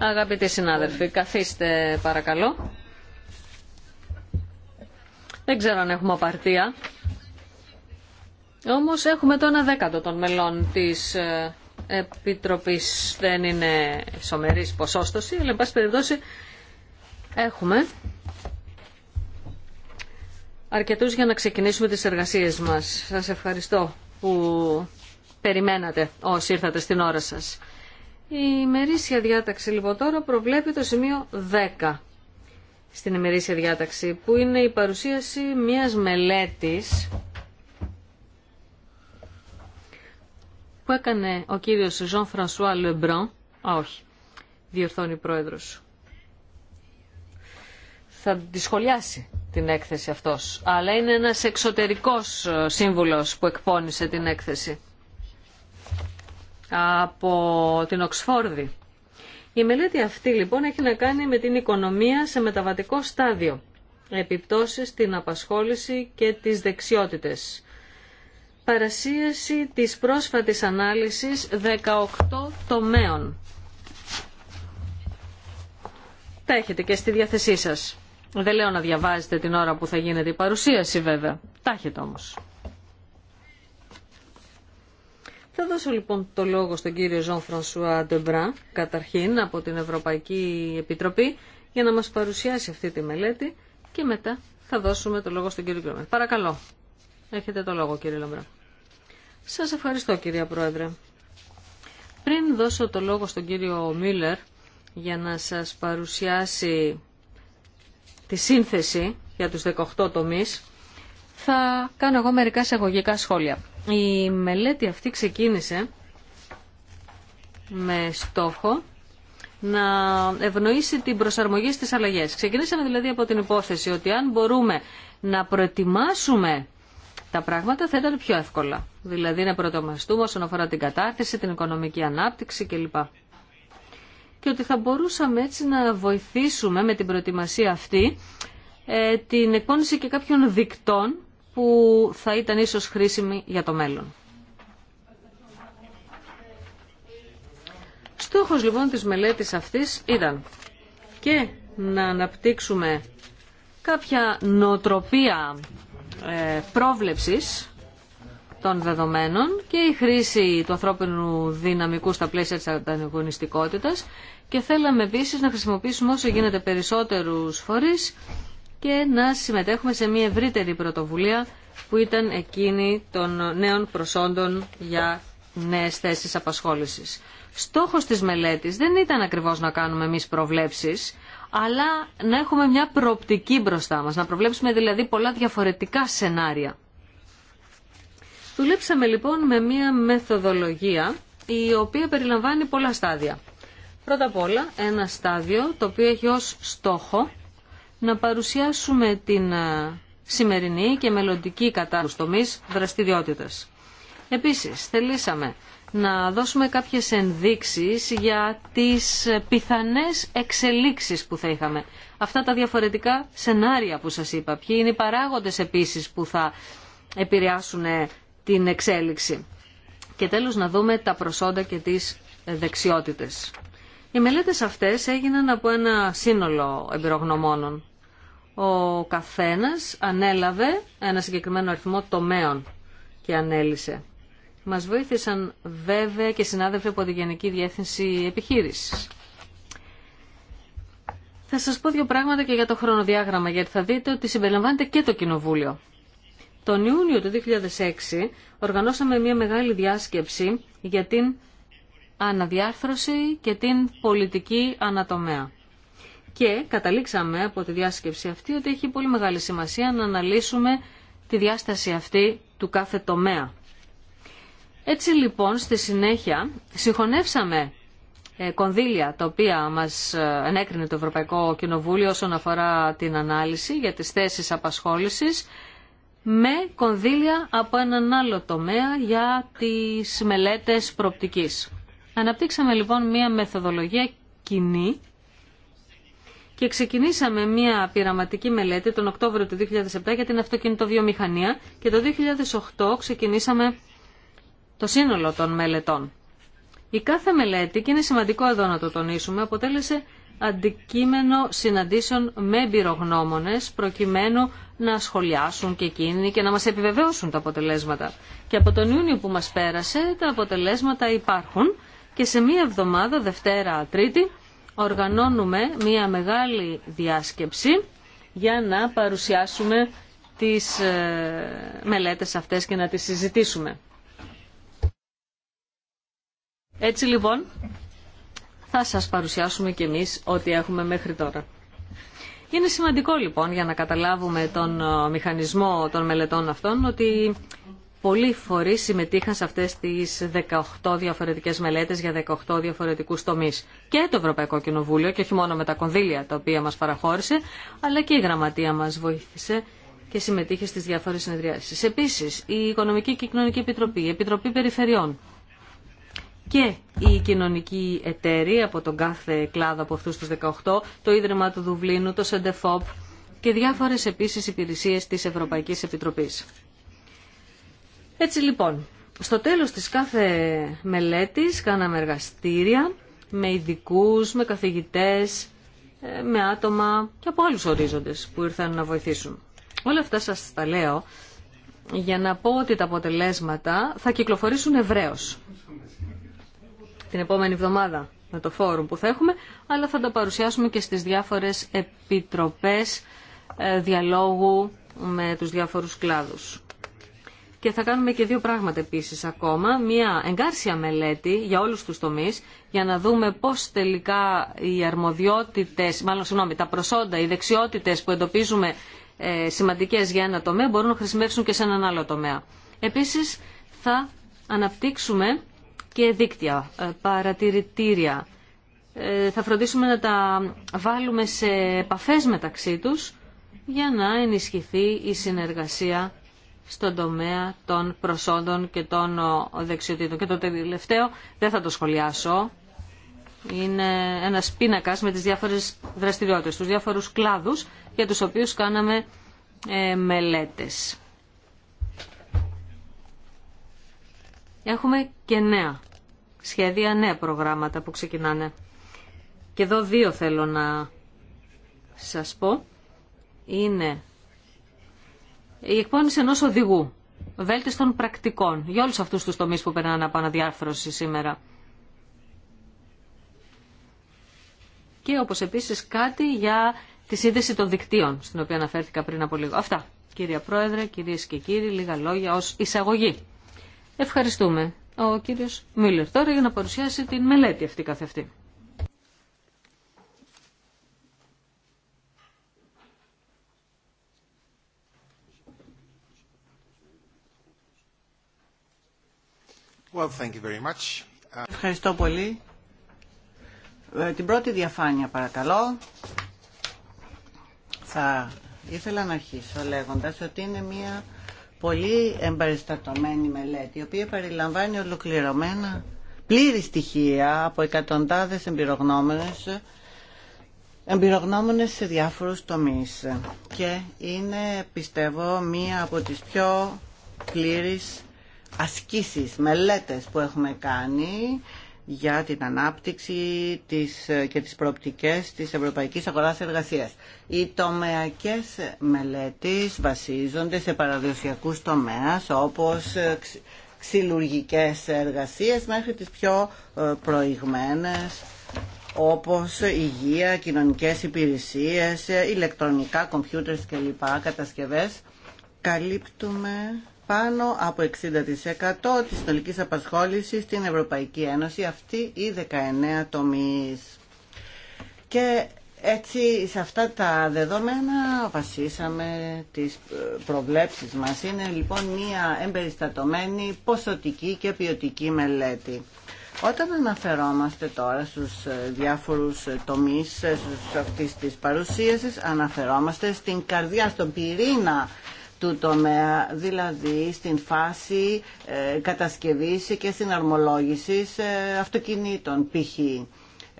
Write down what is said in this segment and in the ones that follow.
Αγαπητοί συνάδελφοι, καθίστε παρακαλώ. Δεν ξέρω αν έχουμε απαρτία. Όμως έχουμε το ένα δέκατο των μελών της ε, Επιτροπής. Δεν είναι σομερής ποσόστοση, αλλά εν πάση περιπτώσει έχουμε αρκετούς για να ξεκινήσουμε τις εργασίες μας. Σας ευχαριστώ που περιμένατε όσοι ήρθατε στην ώρα σας. Η ημερήσια διάταξη λοιπόν τώρα προβλέπει το σημείο 10 στην ημερήσια διάταξη που είναι η παρουσίαση μιας μελέτης που έκανε ο κύριος Ζων Φρανσουά Λεμπραν. Α, όχι. Διορθώνει πρόεδρος. Θα τη την έκθεση αυτός. Αλλά είναι ένας εξωτερικός σύμβουλος που εκπώνησε την έκθεση από την Οξφόρδη. Η μελέτη αυτή λοιπόν έχει να κάνει με την οικονομία σε μεταβατικό στάδιο, επιπτώσεις στην απασχόληση και τις δεξιότητες. Παρασίαση της πρόσφατης ανάλυσης 18 τομέων. Τα έχετε και στη διάθεσή σας. Δεν λέω να διαβάζετε την ώρα που θα γίνεται η παρουσίαση βέβαια. Τα έχετε όμως. Θα δώσω λοιπόν το λόγο στον κύριο Ζων Φρανσουά Ντεμπρά, καταρχήν από την Ευρωπαϊκή Επιτροπή, για να μας παρουσιάσει αυτή τη μελέτη και μετά θα δώσουμε το λόγο στον κύριο Γκρόμερ. Παρακαλώ. Έχετε το λόγο κύριε Λαμπρά. Σας ευχαριστώ κυρία Πρόεδρε. Πριν δώσω το λόγο στον κύριο Μίλλερ για να σας παρουσιάσει τη σύνθεση για τους 18 τομείς, θα κάνω εγώ μερικά εισαγωγικά σχόλια. Η μελέτη αυτή ξεκίνησε με στόχο να ευνοήσει την προσαρμογή στις αλλαγές. Ξεκινήσαμε δηλαδή από την υπόθεση ότι αν μπορούμε να προετοιμάσουμε τα πράγματα θα ήταν πιο εύκολα. Δηλαδή να προετοιμαστούμε όσον αφορά την κατάθεση, την οικονομική ανάπτυξη κλπ. Και ότι θα μπορούσαμε έτσι να βοηθήσουμε με την προετοιμασία αυτή ε, την εκπόνηση και κάποιων δικτών που θα ήταν ίσως χρήσιμη για το μέλλον. Στόχος λοιπόν της μελέτης αυτής ήταν και να αναπτύξουμε κάποια νοτροπία ε, πρόβλεψης των δεδομένων και η χρήση του ανθρώπινου δυναμικού στα πλαίσια της ανταγωνιστικότητας και θέλαμε επίσης να χρησιμοποιήσουμε όσο γίνεται περισσότερους φορείς και να συμμετέχουμε σε μια ευρύτερη πρωτοβουλία που ήταν εκείνη των νέων προσόντων για νέες θέσεις απασχόλησης. Στόχος της μελέτης δεν ήταν ακριβώς να κάνουμε εμείς προβλέψεις, αλλά να έχουμε μια προοπτική μπροστά μας, να προβλέψουμε δηλαδή πολλά διαφορετικά σενάρια. Δουλέψαμε λοιπόν με μια μεθοδολογία η οποία περιλαμβάνει πολλά στάδια. Πρώτα απ' όλα ένα στάδιο το οποίο έχει ως στόχο να παρουσιάσουμε την ε, σημερινή και μελλοντική κατάσταση τομείς δραστηριότητας. Επίσης, θελήσαμε να δώσουμε κάποιες ενδείξεις για τις πιθανές εξελίξεις που θα είχαμε. Αυτά τα διαφορετικά σενάρια που σας είπα, ποιοι είναι οι παράγοντες επίσης που θα επηρεάσουν ε, την εξέλιξη. Και τέλος να δούμε τα προσόντα και τις δεξιότητες. Οι μελέτες αυτές έγιναν από ένα σύνολο εμπειρογνωμόνων ο καθένας ανέλαβε ένα συγκεκριμένο αριθμό τομέων και ανέλησε. Μας βοήθησαν βέβαια και συνάδελφοι από τη Γενική Διεύθυνση Επιχείρησης. Θα σας πω δύο πράγματα και για το χρονοδιάγραμμα, γιατί θα δείτε ότι συμπεριλαμβάνεται και το Κοινοβούλιο. Τον Ιούνιο του 2006 οργανώσαμε μια μεγάλη διάσκεψη για την αναδιάρθρωση και την πολιτική ανατομέα. Και καταλήξαμε από τη διάσκεψη αυτή ότι έχει πολύ μεγάλη σημασία να αναλύσουμε τη διάσταση αυτή του κάθε τομέα. Έτσι λοιπόν στη συνέχεια συγχωνεύσαμε ε, κονδύλια τα οποία μας ε, ενέκρινε το Ευρωπαϊκό Κοινοβούλιο όσον αφορά την ανάλυση για τις θέσεις απασχόλησης με κονδύλια από έναν άλλο τομέα για τις μελέτες προπτικής. Αναπτύξαμε λοιπόν μία μεθοδολογία κοινή και ξεκινήσαμε μια πειραματική μελέτη τον Οκτώβριο του 2007 για την αυτοκινητοβιομηχανία και το 2008 ξεκινήσαμε το σύνολο των μελετών. Η κάθε μελέτη, και είναι σημαντικό εδώ να το τονίσουμε, αποτέλεσε αντικείμενο συναντήσεων με εμπειρογνώμονε προκειμένου να σχολιάσουν και εκείνοι και να μας επιβεβαιώσουν τα αποτελέσματα. Και από τον Ιούνιο που μας πέρασε τα αποτελέσματα υπάρχουν και σε μία εβδομάδα, Δευτέρα, Τρίτη, οργανώνουμε μία μεγάλη διάσκεψη για να παρουσιάσουμε τις ε, μελέτες αυτές και να τις συζητήσουμε. Έτσι λοιπόν θα σας παρουσιάσουμε και εμείς ό,τι έχουμε μέχρι τώρα. Είναι σημαντικό λοιπόν για να καταλάβουμε τον ε, μηχανισμό των μελετών αυτών ότι πολλοί φορεί συμμετείχαν σε αυτές τις 18 διαφορετικές μελέτες για 18 διαφορετικούς τομείς. Και το Ευρωπαϊκό Κοινοβούλιο, και όχι μόνο με τα κονδύλια τα οποία μας παραχώρησε, αλλά και η γραμματεία μας βοήθησε και συμμετείχε στις διάφορες συνεδριάσεις. Επίσης, η Οικονομική και Κοινωνική Επιτροπή, η Επιτροπή Περιφερειών και η κοινωνική Εταίρη από τον κάθε κλάδο από αυτούς τους 18, το Ίδρυμα του Δουβλίνου, το ΣΕΝΤΕΦΟΠ και διάφορες επίσης υπηρεσίες τη Ευρωπαϊκή Επιτροπής. Έτσι λοιπόν, στο τέλος της κάθε μελέτης κάναμε εργαστήρια με ειδικού, με καθηγητές, ε, με άτομα και από άλλους ορίζοντες που ήρθαν να βοηθήσουν. Όλα αυτά σας τα λέω για να πω ότι τα αποτελέσματα θα κυκλοφορήσουν ευρέως την επόμενη εβδομάδα με το φόρουμ που θα έχουμε, αλλά θα τα παρουσιάσουμε και στις διάφορες επιτροπές ε, διαλόγου με τους διάφορους κλάδους και θα κάνουμε και δύο πράγματα επίσης ακόμα. Μία εγκάρσια μελέτη για όλους τους τομεί, για να δούμε πώ τελικά οι αρμοδιότητες, μάλλον συγγνώμη, τα προσόντα, οι δεξιότητες που εντοπίζουμε ε, σημαντικές για ένα τομέα μπορούν να χρησιμεύσουν και σε έναν άλλο τομέα. Επίσης θα αναπτύξουμε και δίκτυα, ε, παρατηρητήρια. Ε, θα φροντίσουμε να τα βάλουμε σε επαφές μεταξύ τους για να ενισχυθεί η συνεργασία στον τομέα των προσόντων και των ε, δεξιοτήτων. Και το τελευταίο δεν θα το σχολιάσω. Είναι ένα πίνακα με τις διάφορες δραστηριότητες, τους διάφορους κλάδους για τους οποίους κάναμε ε, μελέτες. Έχουμε και νέα σχέδια, νέα προγράμματα που ξεκινάνε. Και εδώ δύο θέλω να σας πω. Είναι η εκπόνηση ενό οδηγού βέλτιστων πρακτικών για όλου αυτούς του τομείς που περνάνε από αναδιάρθρωση σήμερα. Και όπως επίσης κάτι για τη σύνδεση των δικτύων, στην οποία αναφέρθηκα πριν από λίγο. Αυτά, κύριε Πρόεδρε, κύριε και κύριοι, λίγα λόγια ω εισαγωγή. Ευχαριστούμε ο κύριος Μίλλερ τώρα για να παρουσιάσει την μελέτη αυτή καθ' Ευχαριστώ πολύ. Ε, την πρώτη διαφάνεια παρακαλώ. Θα ήθελα να αρχίσω λέγοντας ότι είναι μια πολύ εμπαριστατωμένη μελέτη, η οποία περιλαμβάνει ολοκληρωμένα πλήρη στοιχεία από εκατοντάδες εμπειρογνώμενες εμπειρογνώμονες σε διάφορους τομείς. Και είναι, πιστεύω, μία από τις πιο πλήρεις ασκήσεις, μελέτες που έχουμε κάνει για την ανάπτυξη της, και τις προοπτικές της Ευρωπαϊκής Αγοράς Εργασίας. Οι τομεακές μελέτες βασίζονται σε παραδοσιακούς τομέας όπως ξυλουργικές εργασίες μέχρι τις πιο ε, προηγμένες όπως υγεία, κοινωνικές υπηρεσίες, ηλεκτρονικά, κομπιούτερς κλπ. κατασκευές. Καλύπτουμε πάνω από 60% της συνολικής απασχόλησης στην Ευρωπαϊκή Ένωση, αυτή ή 19 τομείς. Και έτσι σε αυτά τα δεδομένα βασίσαμε τις προβλέψεις μας. Είναι λοιπόν μια εμπεριστατωμένη ποσοτική και ποιοτική μελέτη. Όταν αναφερόμαστε τώρα στους διάφορους τομείς αυτής της παρουσίασης, αναφερόμαστε στην καρδιά, στον πυρήνα του τομέα, δηλαδή στην φάση ε, κατασκευής και συναρμολόγησης ε, αυτοκινήτων π.χ.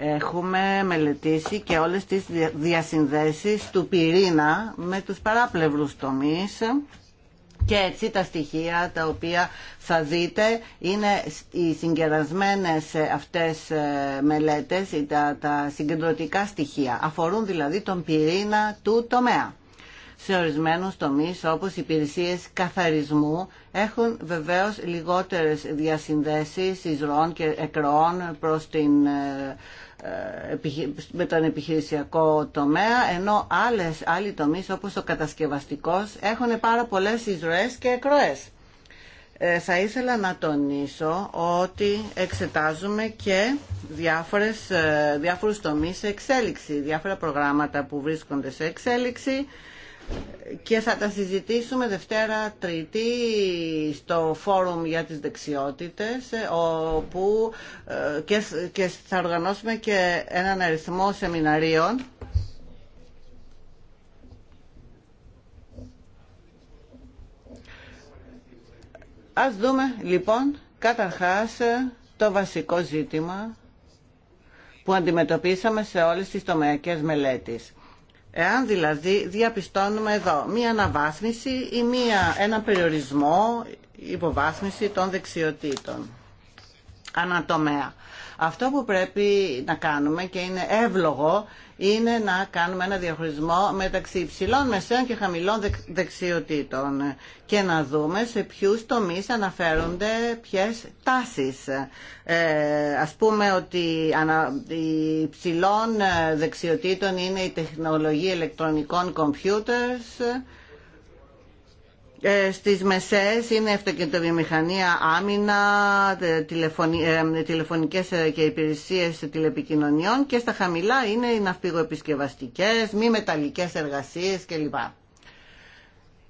Έχουμε μελετήσει και όλες τις διασυνδέσεις του πυρήνα με τους παράπλευρους τομείς και έτσι τα στοιχεία τα οποία θα δείτε είναι οι συγκερασμένες ε, αυτές μελέτες ή τα, τα συγκεντρωτικά στοιχεία. Αφορούν δηλαδή τον πυρήνα του τομέα σε ορισμένους τομείς όπως οι υπηρεσίες καθαρισμού έχουν βεβαίως λιγότερες διασυνδέσεις εισρωών και εκροών προς την, ε, ε, με τον επιχειρησιακό τομέα ενώ άλλες, άλλοι τομείς όπως ο κατασκευαστικός έχουν πάρα πολλές εισρωές και εκροές. Ε, θα ήθελα να τονίσω ότι εξετάζουμε και διάφορες, διάφορους τομείς σε εξέλιξη, διάφορα προγράμματα που βρίσκονται σε εξέλιξη και θα τα συζητήσουμε Δευτέρα Τρίτη στο Φόρουμ για τις Δεξιότητες ε, όπου ε, και θα οργανώσουμε και έναν αριθμό σεμιναρίων Ας δούμε λοιπόν καταρχάς ε, το βασικό ζήτημα που αντιμετωπίσαμε σε όλες τις τομεακές μελέτες Εάν δηλαδή διαπιστώνουμε εδώ μία αναβάθμιση ή μία, ένα περιορισμό υποβάθμιση των δεξιοτήτων ανατομέα. Αυτό που πρέπει να κάνουμε και είναι εύλογο είναι να κάνουμε ένα διαχωρισμό μεταξύ υψηλών, μεσαίων και χαμηλών δεξιοτήτων και να δούμε σε ποιους τομείς αναφέρονται ποιες τάσεις. Ε, ας πούμε ότι οι υψηλών ε, δεξιοτήτων είναι η τεχνολογία ηλεκτρονικών computers, ε, στις μεσές είναι αυτοκινητοβιομηχανία, άμυνα, ε, τηλεφωνικές ε, και υπηρεσίες τηλεπικοινωνιών και στα χαμηλά είναι οι ναυπηγοεπισκευαστικές, μη μεταλλικές εργασίες κλπ.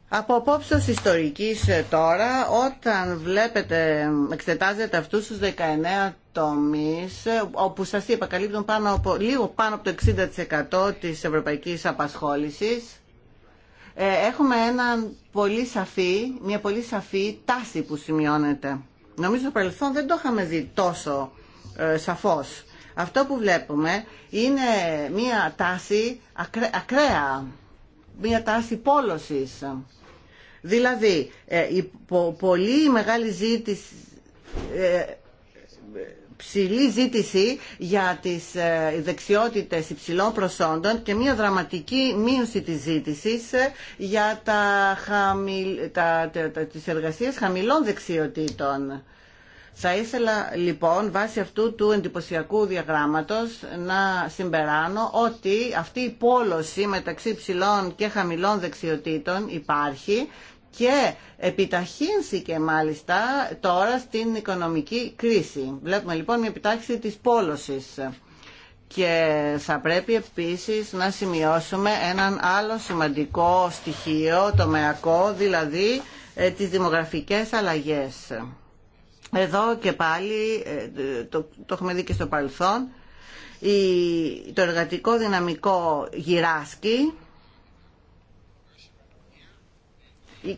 Από απόψεως ιστορικής τώρα, όταν βλέπετε, εξετάζετε αυτούς τους 19 τομείς, όπου σας είπα καλύπτουν πάνω από, λίγο πάνω από το 60% της ευρωπαϊκής απασχόλησης, ε, έχουμε ένα πολύ σαφή, μια πολύ σαφή τάση που σημειώνεται. Νομίζω στο παρελθόν δεν το είχαμε δει τόσο ε, σαφώς. Αυτό που βλέπουμε είναι μια τάση ακραία, μια τάση πόλωσης. Δηλαδή, ε, η πολύ μεγάλη ζήτηση, ψηλή ζήτηση για τις ε, δεξιότητες υψηλών προσόντων και μια δραματική μείωση της ζήτησης ε, για τα, χαμηλ, τα, τις εργασίες χαμηλών δεξιοτήτων. Θα ήθελα λοιπόν βάσει αυτού του εντυπωσιακού διαγράμματος να συμπεράνω ότι αυτή η πόλωση μεταξύ ψηλών και χαμηλών δεξιοτήτων υπάρχει και επιταχύνθηκε μάλιστα τώρα στην οικονομική κρίση. Βλέπουμε λοιπόν μια επιτάχυνση της πόλωσης. Και θα πρέπει επίσης να σημειώσουμε έναν άλλο σημαντικό στοιχείο, τομεακό, δηλαδή ε, τις δημογραφικές αλλαγές. Εδώ και πάλι, ε, το, το έχουμε δει και στο παρελθόν, η, το εργατικό δυναμικό γυράσκει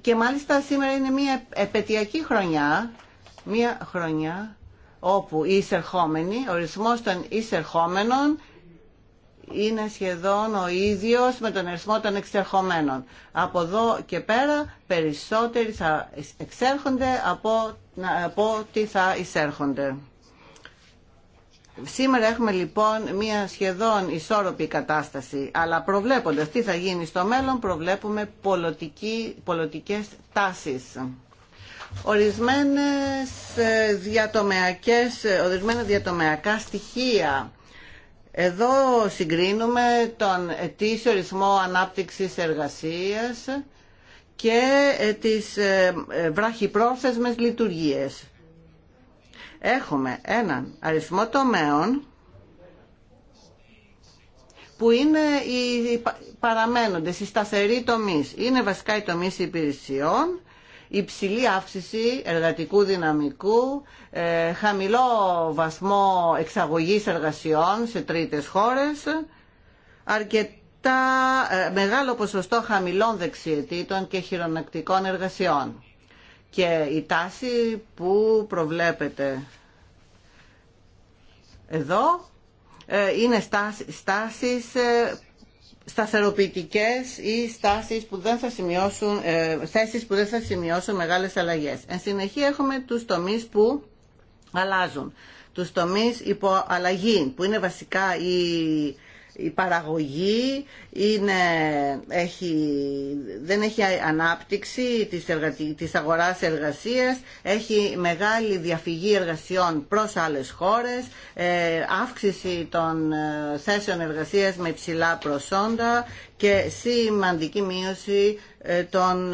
Και μάλιστα σήμερα είναι μια επαιτειακή χρονιά, μια χρονιά όπου οι εισερχόμενοι, ο ρυθμός των εισερχόμενων είναι σχεδόν ο ίδιος με τον αριθμό των εξερχομένων. Από εδώ και πέρα περισσότεροι θα εξέρχονται από, από τι θα εισέρχονται. Σήμερα έχουμε λοιπόν μια σχεδόν ισόρροπη κατάσταση, αλλά προβλέποντας τι θα γίνει στο μέλλον, προβλέπουμε πολιτική, πολιτικές τάσεις. Ορισμένες ε, διατομεακές, ε, ορισμένα διατομεακά στοιχεία. Εδώ συγκρίνουμε τον ετήσιο ρυθμό ανάπτυξης εργασίας και ε, τις βραχυπρόθεσμες λειτουργίες έχουμε έναν αριθμό τομέων που είναι οι παραμένοντες, οι σταθεροί τομείς. Είναι βασικά οι τομείς υπηρεσιών, υψηλή αύξηση εργατικού δυναμικού, ε, χαμηλό βαθμό εξαγωγής εργασιών σε τρίτες χώρες, αρκετά ε, μεγάλο ποσοστό χαμηλών δεξιετήτων και χειρονακτικών εργασιών και η τάση που προβλέπεται εδώ ε, είναι στάσεις ε, σταθεροποιητικές ή στάσεις που δεν θα σημειώσουν, ε, θέσεις που δεν θα σημειώσουν μεγάλες αλλαγές. Εν συνεχεία έχουμε τους τομείς που αλλάζουν. Τους τομείς υπό αλλαγή που είναι βασικά οι η παραγωγή είναι, έχει, δεν έχει ανάπτυξη της, της αγοράς εργασίας, έχει μεγάλη διαφυγή εργασιών προς άλλες χώρες, ε, αύξηση των ε, θέσεων εργασίας με υψηλά προσόντα και σημαντική μείωση ε, των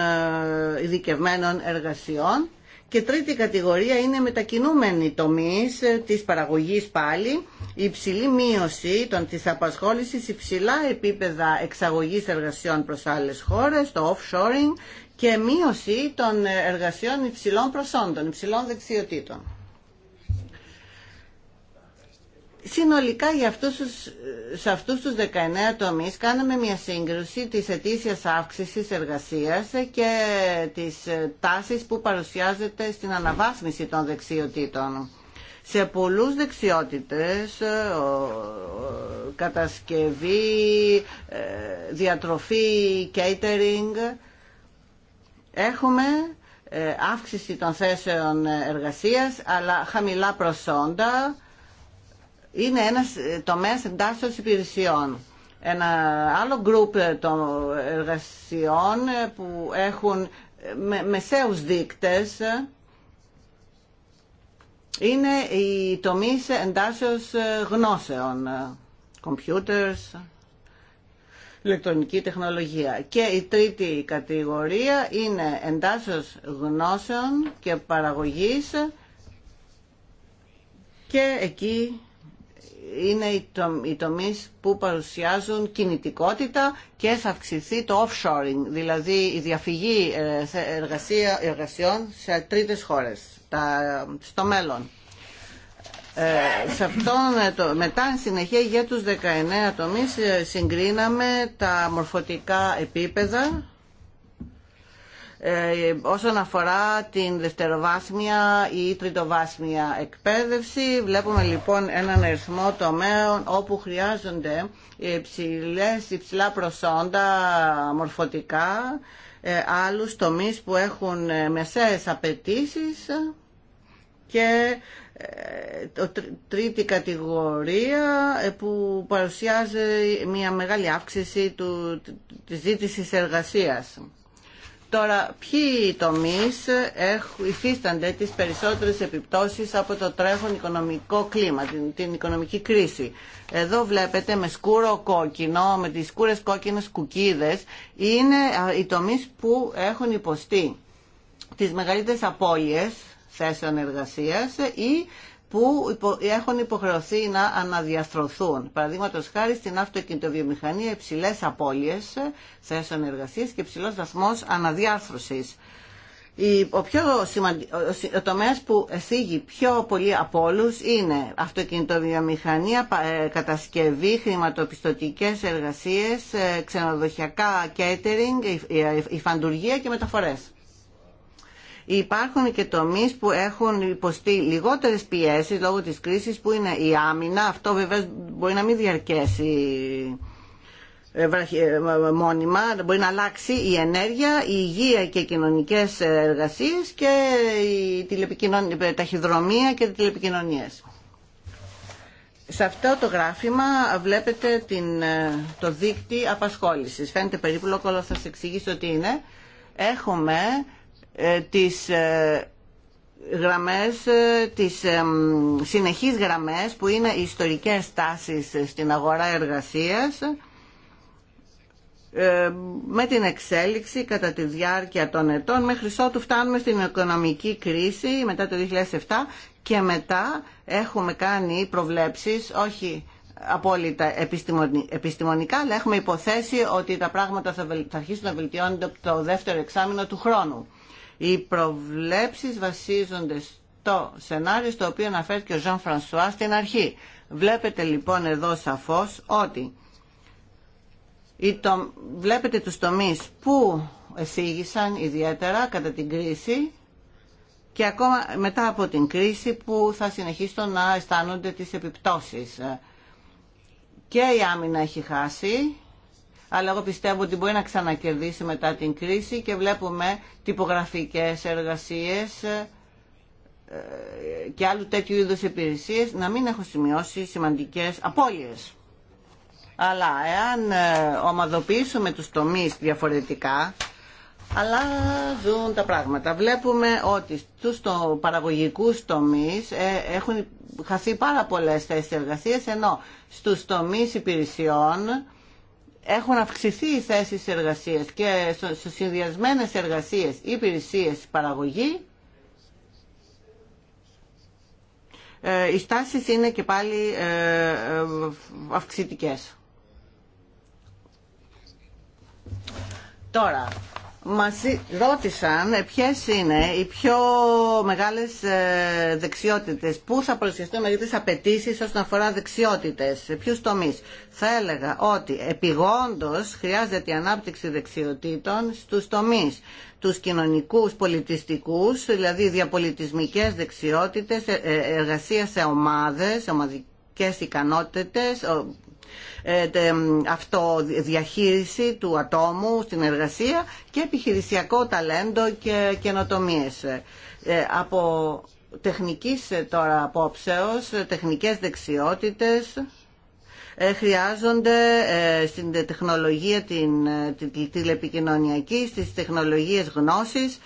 ειδικευμένων εργασιών και τρίτη κατηγορία είναι μετακινούμενοι τομής ε, της παραγωγής πάλι, υψηλή μείωση των, της απασχόλησης, υψηλά επίπεδα εξαγωγής εργασιών προς άλλες χώρες, το offshoring και μείωση των ε, εργασιών υψηλών προσόντων, υψηλών δεξιοτήτων. Συνολικά για σε αυτούς τους 19 τομείς κάναμε μια σύγκρουση της ετήσιας αύξησης εργασίας και της τάσης που παρουσιάζεται στην αναβάθμιση των δεξιοτήτων. Σε πολλούς δεξιότητες, κατασκευή, ε, διατροφή, catering, έχουμε ε, αύξηση των θέσεων εργασίας, αλλά χαμηλά προσόντα, είναι ένας τομέας εντάσσεως υπηρεσιών. Ένα άλλο γκρουπ των εργασιών που έχουν με, μεσαίους δείκτες είναι οι τομείς εντάσσεως γνώσεων, computers, ηλεκτρονική τεχνολογία. Και η τρίτη κατηγορία είναι εντάσσεως γνώσεων και παραγωγής και εκεί είναι οι τομείς που παρουσιάζουν κινητικότητα και θα αυξηθεί το offshoring, δηλαδή η διαφυγή ε, εργασία, εργασιών σε τρίτες χώρες στο μέλλον. Ε, σε ε, μετά συνεχεία για τους 19 τομείς ε, συγκρίναμε τα μορφωτικά επίπεδα ε, όσον αφορά την δευτεροβάσμια ή τριτοβάσμια εκπαίδευση. Βλέπουμε λοιπόν έναν αριθμό τομέων όπου χρειάζονται υψηλές, υψηλά προσόντα μορφωτικά, ε, άλλους τομείς που έχουν ε, μεσαίες απαιτήσει και τρίτη κατηγορία που παρουσιάζει μια μεγάλη αύξηση του, της ζήτησης εργασίας. Τώρα, ποιοι τομείς έχουν, υφίστανται τις περισσότερες επιπτώσεις από το τρέχον οικονομικό κλίμα, την, την οικονομική κρίση. Εδώ βλέπετε με σκούρο κόκκινο, με τις σκούρες κόκκινες κουκίδες, είναι οι τομείς που έχουν υποστεί τις μεγαλύτερες απώλειες θέσεων εργασίας ή που έχουν υποχρεωθεί να αναδιαστρωθούν. Παραδείγματο χάρη στην αυτοκινητοβιομηχανία υψηλέ απώλειε θέσεων εργασία και υψηλό βαθμό αναδιάρθρωση. Ο, πιο ο που θίγει πιο πολύ από όλου είναι αυτοκινητοβιομηχανία, ε, κατασκευή, χρηματοπιστωτικές εργασίες, ε, ξενοδοχειακά catering, υφαντουργία και μεταφορές. Υπάρχουν και τομείς που έχουν υποστεί λιγότερες πιέσεις λόγω της κρίσης που είναι η άμυνα. Αυτό βέβαια μπορεί να μην διαρκέσει ε, ε, μόνιμα, μπορεί να αλλάξει η ενέργεια, η υγεία και οι κοινωνικές εργασίες και η ε, ταχυδρομεία και οι τηλεπικοινωνίες. Σε αυτό το γράφημα βλέπετε την, το δίκτυ απασχόλησης. Φαίνεται περίπου λόγω θα σας εξηγήσω τι είναι. Έχουμε ε, τις ε, γραμμές, ε, τις συνεχείς γραμμές που είναι οι ιστορικές τάσεις στην αγορά εργασίας με την εξέλιξη κατά τη διάρκεια των ετών μέχρι ότου φτάνουμε στην οικονομική κρίση μετά το 2007 και μετά έχουμε κάνει προβλέψεις όχι απόλυτα επιστημονικά αλλά έχουμε υποθέσει ότι τα πράγματα θα αρχίσουν να βελτιώνονται το δεύτερο εξάμεινο του χρόνου. Οι προβλέψεις βασίζονται στο σενάριο στο οποίο αναφέρθηκε ο Ζαν Φρανσουά στην αρχή. Βλέπετε λοιπόν εδώ σαφώς ότι βλέπετε τους τομείς που εφήγησαν ιδιαίτερα κατά την κρίση και ακόμα μετά από την κρίση που θα συνεχίσουν να αισθάνονται τις επιπτώσεις. Και η άμυνα έχει χάσει αλλά εγώ πιστεύω ότι μπορεί να ξανακερδίσει μετά την κρίση και βλέπουμε τυπογραφικές εργασίες ε, και άλλου τέτοιου είδους υπηρεσίες να μην έχουν σημειώσει σημαντικές απώλειες. Αλλά εάν ε, ομαδοποιήσουμε τους τομείς διαφορετικά, αλλά δουν τα πράγματα. Βλέπουμε ότι στους το, παραγωγικούς τομείς ε, έχουν χαθεί πάρα πολλές θέσεις εργασίες, ενώ στους τομείς υπηρεσιών έχουν αυξηθεί οι θέσεις εργασίας και σε συνδυασμένες εργασίες υπηρεσίες παραγωγή ε, οι στάσεις είναι και πάλι ε, ε, αυξητικές. Τώρα, μας ρώτησαν ποιες είναι οι πιο μεγάλες ε, δεξιότητες, πού θα παρουσιαστούν με τις απαιτήσει όσον αφορά δεξιότητες, σε ποιους τομείς. Θα έλεγα ότι επιγόντως χρειάζεται η ανάπτυξη δεξιοτήτων στους τομείς, τους κοινωνικούς, πολιτιστικούς, δηλαδή διαπολιτισμικές δεξιότητες, ε, ε, εργασία σε ομάδες, ομαδικές ικανότητες, ε, αυτοδιαχείριση του ατόμου στην εργασία και επιχειρησιακό ταλέντο και καινοτομίες. Ε, από τεχνικής ε, τώρα απόψεως, τεχνικές δεξιότητες χρειάζονται στην τεχνολογία την, την τηλεπικοινωνιακή, στις τεχνολογίες γνώσης,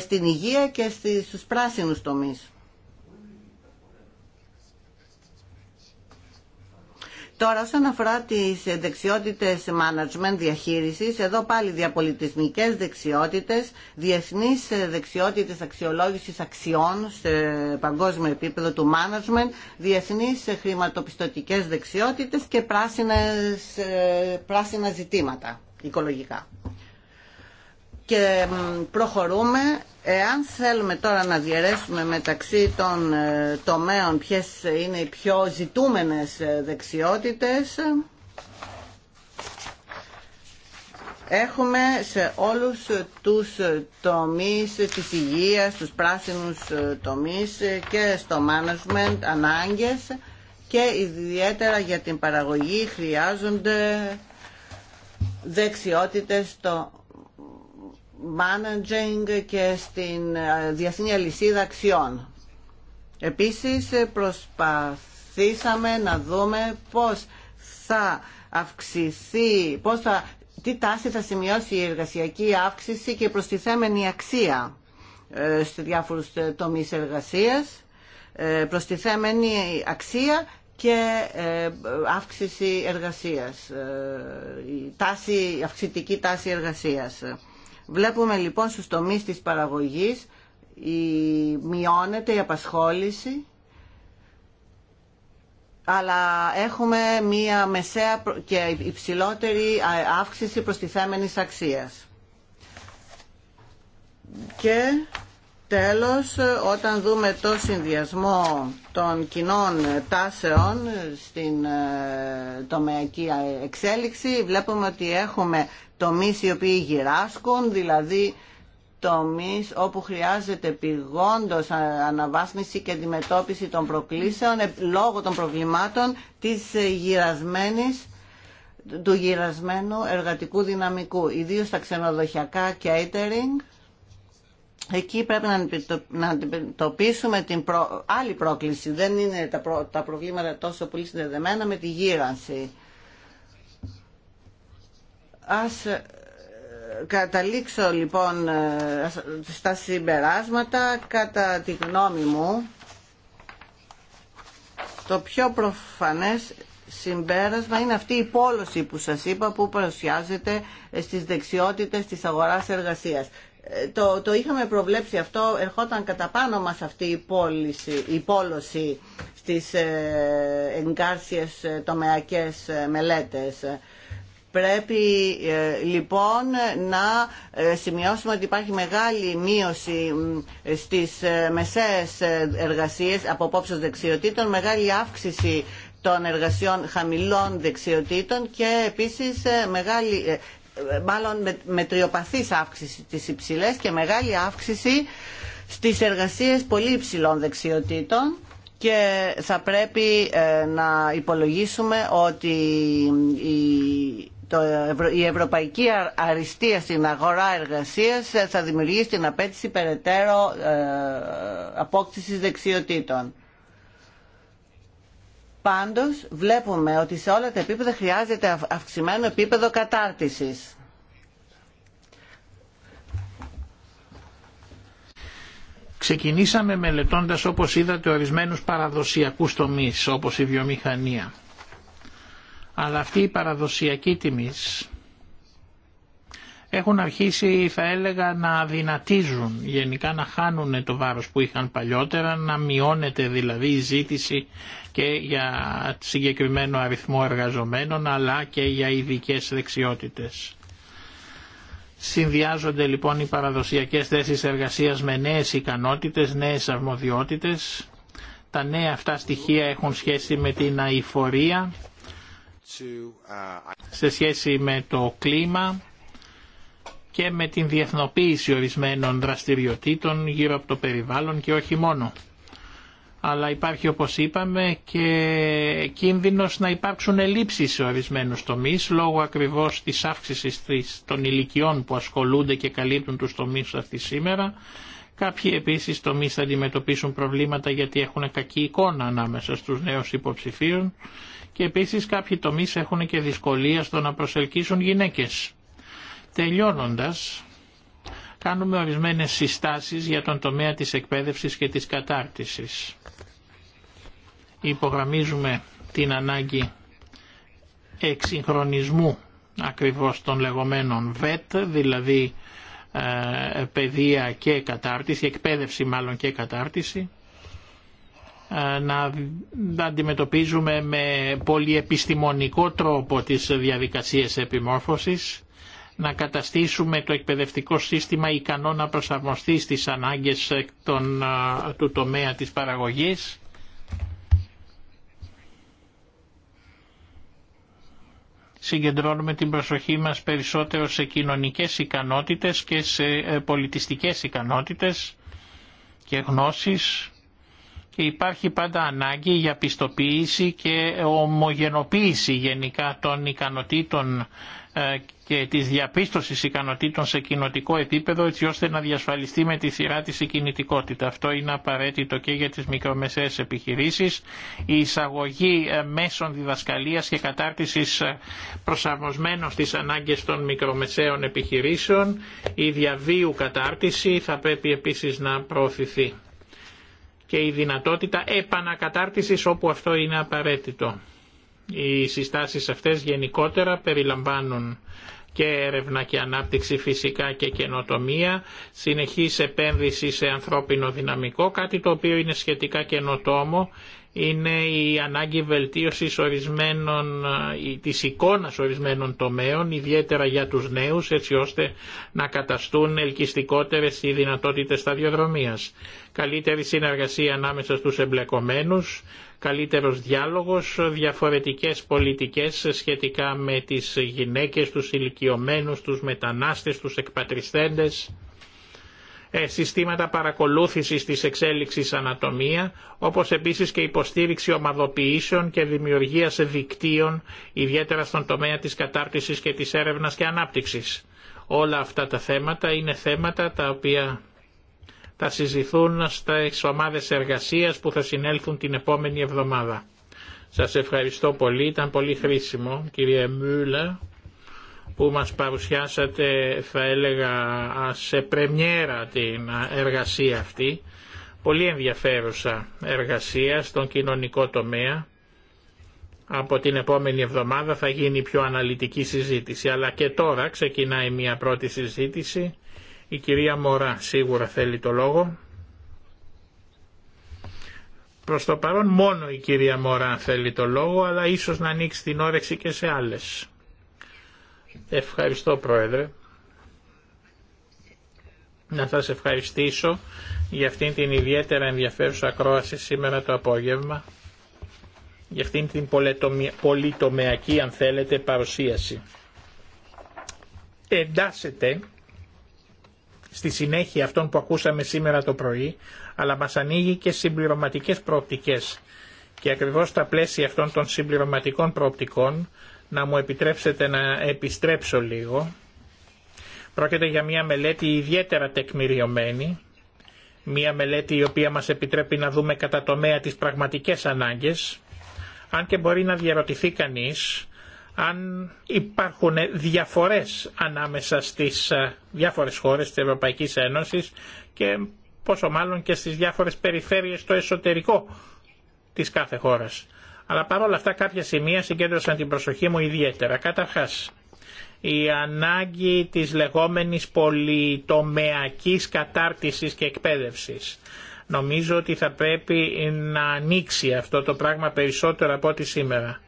στην υγεία και στις, στους πράσινους τομείς. Τώρα όσον αφορά τις δεξιότητες management διαχείρισης, εδώ πάλι διαπολιτισμικές δεξιότητες, διεθνείς δεξιότητες αξιολόγησης αξιών σε παγκόσμιο επίπεδο του management, διεθνείς χρηματοπιστωτικές δεξιότητες και πράσινες, ε, πράσινα ζητήματα οικολογικά και προχωρούμε. Εάν θέλουμε τώρα να διαιρέσουμε μεταξύ των ε, τομέων ποιες είναι οι πιο ζητούμενες ε, δεξιότητες, έχουμε σε όλους τους τομείς της υγείας, τους πράσινους ε, τομείς και στο management ανάγκες και ιδιαίτερα για την παραγωγή χρειάζονται δεξιότητες στο managing και στην ε, διεθνή αλυσίδα αξιών. Επίσης ε, προσπαθήσαμε να δούμε πώς θα αυξηθεί, πώς θα, τι τάση θα σημειώσει η εργασιακή αύξηση και προστιθέμενη αξία ε, σε διάφορους τομείς εργασίας, προστιθέμενη αξία και αύξηση εργασίας, η τάση, αυξητική τάση εργασίας. Βλέπουμε λοιπόν στους τομείς της παραγωγής η, μειώνεται η απασχόληση αλλά έχουμε μία μεσαία και υψηλότερη αύξηση προστιθέμενης αξίας. Και Τέλος, όταν δούμε το συνδυασμό των κοινών τάσεων στην ε, τομεακή εξέλιξη, βλέπουμε ότι έχουμε τομείς οι οποίοι γυράσκουν, δηλαδή τομείς όπου χρειάζεται πηγόντως αναβάθμιση και αντιμετώπιση των προκλήσεων ε, λόγω των προβλημάτων της ε, γυρασμένης του γυρασμένου εργατικού δυναμικού, ιδίως στα ξενοδοχειακά catering, Εκεί πρέπει να αντιμετωπίσουμε την άλλη πρόκληση. Δεν είναι τα, τα προβλήματα τόσο πολύ συνδεδεμένα με τη γύρανση. Ας ε, καταλήξω λοιπόν ε, στα συμπεράσματα. Κατά τη γνώμη μου, το πιο προφανές συμπέρασμα είναι αυτή η πόλωση που σας είπα που παρουσιάζεται ε, στις δεξιότητες της αγοράς εργασίας το, το είχαμε προβλέψει αυτό, ερχόταν κατά πάνω μας αυτή η, πώληση, η πόλωση στις ε, εγκάρσιες ε, τομεακές ε, μελέτες. Πρέπει λοιπόν να σημειώσουμε ότι υπάρχει μεγάλη μείωση στις μεσαίες εργασίες από απόψεως δεξιοτήτων, μεγάλη αύξηση των εργασιών χαμηλών δεξιοτήτων και επίσης μεγάλη μάλλον με, τριοπαθή αύξηση της υψηλές και μεγάλη αύξηση στις εργασίες πολύ υψηλών δεξιοτήτων και θα πρέπει ε, να υπολογίσουμε ότι η, η ευρωπαϊκή αριστεία στην αγορά εργασίας ε, θα δημιουργήσει την απέτηση περαιτέρω απόκτηση ε, απόκτησης δεξιοτήτων. Πάντως βλέπουμε ότι σε όλα τα επίπεδα χρειάζεται αυξημένο επίπεδο κατάρτισης. Ξεκινήσαμε μελετώντας όπως είδατε ορισμένους παραδοσιακούς τομείς όπως η βιομηχανία. Αλλά αυτή η παραδοσιακή τιμής έχουν αρχίσει θα έλεγα να αδυνατίζουν, γενικά να χάνουν το βάρος που είχαν παλιότερα, να μειώνεται δηλαδή η ζήτηση και για συγκεκριμένο αριθμό εργαζομένων αλλά και για ειδικέ δεξιότητες. Συνδυάζονται λοιπόν οι παραδοσιακές θέσεις εργασίας με νέες ικανότητες, νέες αρμοδιότητες. Τα νέα αυτά στοιχεία έχουν σχέση με την αηφορία, σε σχέση με το κλίμα, και με την διεθνοποίηση ορισμένων δραστηριοτήτων γύρω από το περιβάλλον και όχι μόνο. Αλλά υπάρχει όπως είπαμε και κίνδυνος να υπάρξουν ελλείψεις σε ορισμένους τομείς λόγω ακριβώς της αύξησης των ηλικιών που ασχολούνται και καλύπτουν τους τομείς αυτή σήμερα. Κάποιοι επίσης τομείς θα αντιμετωπίσουν προβλήματα γιατί έχουν κακή εικόνα ανάμεσα στους νέους υποψηφίους και επίσης κάποιοι τομείς έχουν και δυσκολία στο να προσελκύσουν γυναίκες Τελειώνοντας, κάνουμε ορισμένες συστάσεις για τον τομέα της εκπαίδευσης και της κατάρτισης. Υπογραμμίζουμε την ανάγκη εξυγχρονισμού ακριβώς των λεγόμενων ΒΕΤ, δηλαδή ε, και κατάρτιση, εκπαίδευση μάλλον και κατάρτιση, ε, να, να αντιμετωπίζουμε με πολυεπιστημονικό τρόπο τις διαδικασίες επιμόρφωσης, να καταστήσουμε το εκπαιδευτικό σύστημα ικανό να προσαρμοστεί στις ανάγκες ε, των, του τομέα της παραγωγής. Συγκεντρώνουμε την προσοχή μας περισσότερο σε κοινωνικές ικανότητες και σε ε, πολιτιστικές ικανότητες και γνώσεις και υπάρχει πάντα ανάγκη για πιστοποίηση και ομογενοποίηση γενικά των ικανοτήτων ε, και της διαπίστωσης ικανοτήτων σε κοινοτικό επίπεδο έτσι ώστε να διασφαλιστεί με τη σειρά της η κινητικότητα. Αυτό είναι απαραίτητο και για τις μικρομεσαίες επιχειρήσεις. Η εισαγωγή ε, μέσων διδασκαλίας και κατάρτισης ε, προσαρμοσμένων στις ανάγκες των μικρομεσαίων επιχειρήσεων, η διαβίου κατάρτιση θα πρέπει επίσης να προωθηθεί και η δυνατότητα επανακατάρτισης όπου αυτό είναι απαραίτητο. Οι συστάσεις αυτές γενικότερα περιλαμβάνουν και έρευνα και ανάπτυξη φυσικά και καινοτομία, συνεχής επένδυση σε ανθρώπινο δυναμικό, κάτι το οποίο είναι σχετικά καινοτόμο είναι η ανάγκη βελτίωσης ορισμένων, ε, της εικόνας ορισμένων τομέων, ιδιαίτερα για τους νέους, έτσι ώστε να καταστούν ελκυστικότερες οι δυνατότητες σταδιοδρομίας. Καλύτερη συνεργασία ανάμεσα στους εμπλεκομένους, καλύτερος διάλογος, διαφορετικές πολιτικές σχετικά με τις γυναίκες, τους ηλικιωμένους, τους μετανάστες, τους εκπατριστέντες ε, συστήματα παρακολούθησης της εξέλιξης ανατομία, όπως επίσης και υποστήριξη ομαδοποιήσεων και δημιουργίας δικτύων, ιδιαίτερα στον τομέα της κατάρτισης και της έρευνας και ανάπτυξης. Όλα αυτά τα θέματα είναι θέματα τα οποία θα συζηθούν στις ομάδες εργασίας που θα συνέλθουν την επόμενη εβδομάδα. Σας ευχαριστώ πολύ, ήταν πολύ χρήσιμο, κύριε Μούλα που μας παρουσιάσατε θα έλεγα σε πρεμιέρα την εργασία αυτή, πολύ ενδιαφέρουσα εργασία στον κοινωνικό τομέα. Από την επόμενη εβδομάδα θα γίνει πιο αναλυτική συζήτηση, αλλά και τώρα ξεκινάει μια πρώτη συζήτηση. Η κυρία Μωρά σίγουρα θέλει το λόγο. Προς το παρόν μόνο η κυρία Μωρά θέλει το λόγο, αλλά ίσως να ανοίξει την όρεξη και σε άλλες. Ευχαριστώ Πρόεδρε. Να σας ευχαριστήσω για αυτήν την ιδιαίτερα ενδιαφέρουσα ακρόαση σήμερα το απόγευμα, για αυτήν την πολυτομεακή αν θέλετε παρουσίαση. Εντάσσεται στη συνέχεια αυτών που ακούσαμε σήμερα το πρωί, αλλά μας ανοίγει και συμπληρωματικές προοπτικές. Και ακριβώς τα πλαίσια αυτών των συμπληρωματικών προοπτικών να μου επιτρέψετε να επιστρέψω λίγο. Πρόκειται για μια μελέτη ιδιαίτερα τεκμηριωμένη, μια μελέτη η οποία μας επιτρέπει να δούμε κατά τομέα τις πραγματικές ανάγκες, αν και μπορεί να διαρωτηθεί κανείς αν υπάρχουν διαφορές ανάμεσα στις ε, διάφορες χώρες της Ευρωπαϊκής Ένωσης και πόσο μάλλον και στις διάφορες περιφέρειες στο εσωτερικό της κάθε χώρας. Αλλά παρόλα αυτά κάποια σημεία συγκέντρωσαν την προσοχή μου ιδιαίτερα. Καταρχάς, η ανάγκη της λεγόμενης πολυτομεακής κατάρτισης και εκπαίδευσης. Νομίζω ότι θα πρέπει να ανοίξει αυτό το πράγμα περισσότερο από ό,τι σήμερα.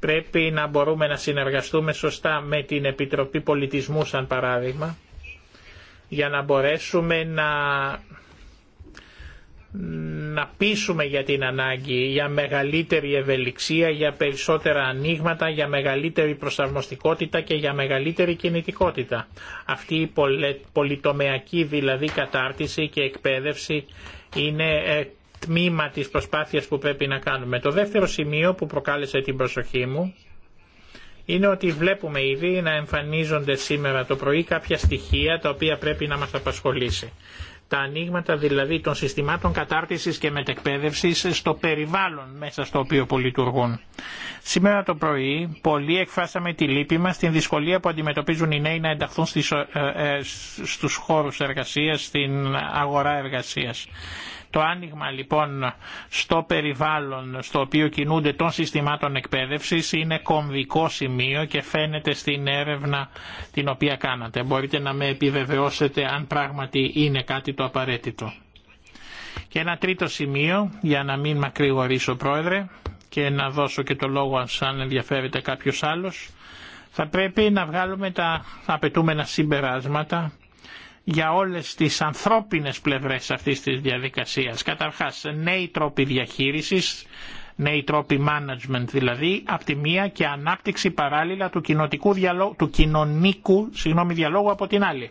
Πρέπει να μπορούμε να συνεργαστούμε σωστά με την Επιτροπή Πολιτισμού σαν παράδειγμα για να μπορέσουμε να να πείσουμε για την ανάγκη για μεγαλύτερη ευελιξία, για περισσότερα ανοίγματα, για μεγαλύτερη προσαρμοστικότητα και για μεγαλύτερη κινητικότητα. Αυτή η πολυτομεακή δηλαδή κατάρτιση και εκπαίδευση είναι ε, τμήμα της προσπάθειας που πρέπει να κάνουμε. Το δεύτερο σημείο που προκάλεσε την προσοχή μου είναι ότι βλέπουμε ήδη να εμφανίζονται σήμερα το πρωί κάποια στοιχεία τα οποία πρέπει να μας απασχολήσει τα ανοίγματα δηλαδή των συστημάτων κατάρτισης και μετεκπαίδευσης στο περιβάλλον μέσα στο οποίο λειτουργούν. Σήμερα το πρωί πολλοί εκφράσαμε τη λύπη μας στην δυσκολία που αντιμετωπίζουν οι νέοι να ενταχθούν στις, ε, ε, στους χώρους εργασίας, στην αγορά εργασίας. Το άνοιγμα λοιπόν στο περιβάλλον στο οποίο κινούνται των συστημάτων εκπαίδευσης είναι κομβικό σημείο και φαίνεται στην έρευνα την οποία κάνατε. Μπορείτε να με επιβεβαιώσετε αν πράγματι είναι κάτι το απαραίτητο. Και ένα τρίτο σημείο, για να μην μακρηγορήσω πρόεδρε και να δώσω και το λόγο αν ενδιαφέρεται κάποιος άλλος, θα πρέπει να βγάλουμε τα απαιτούμενα συμπεράσματα για όλες τις ανθρώπινες πλευρές αυτής της διαδικασίας. Καταρχάς, νέοι τρόποι διαχείρισης, νέοι τρόποι management δηλαδή, από τη μία και ανάπτυξη παράλληλα του, κοινωνικού διαλόγου, του κοινωνικού συγγνώμη, διαλόγου από την άλλη.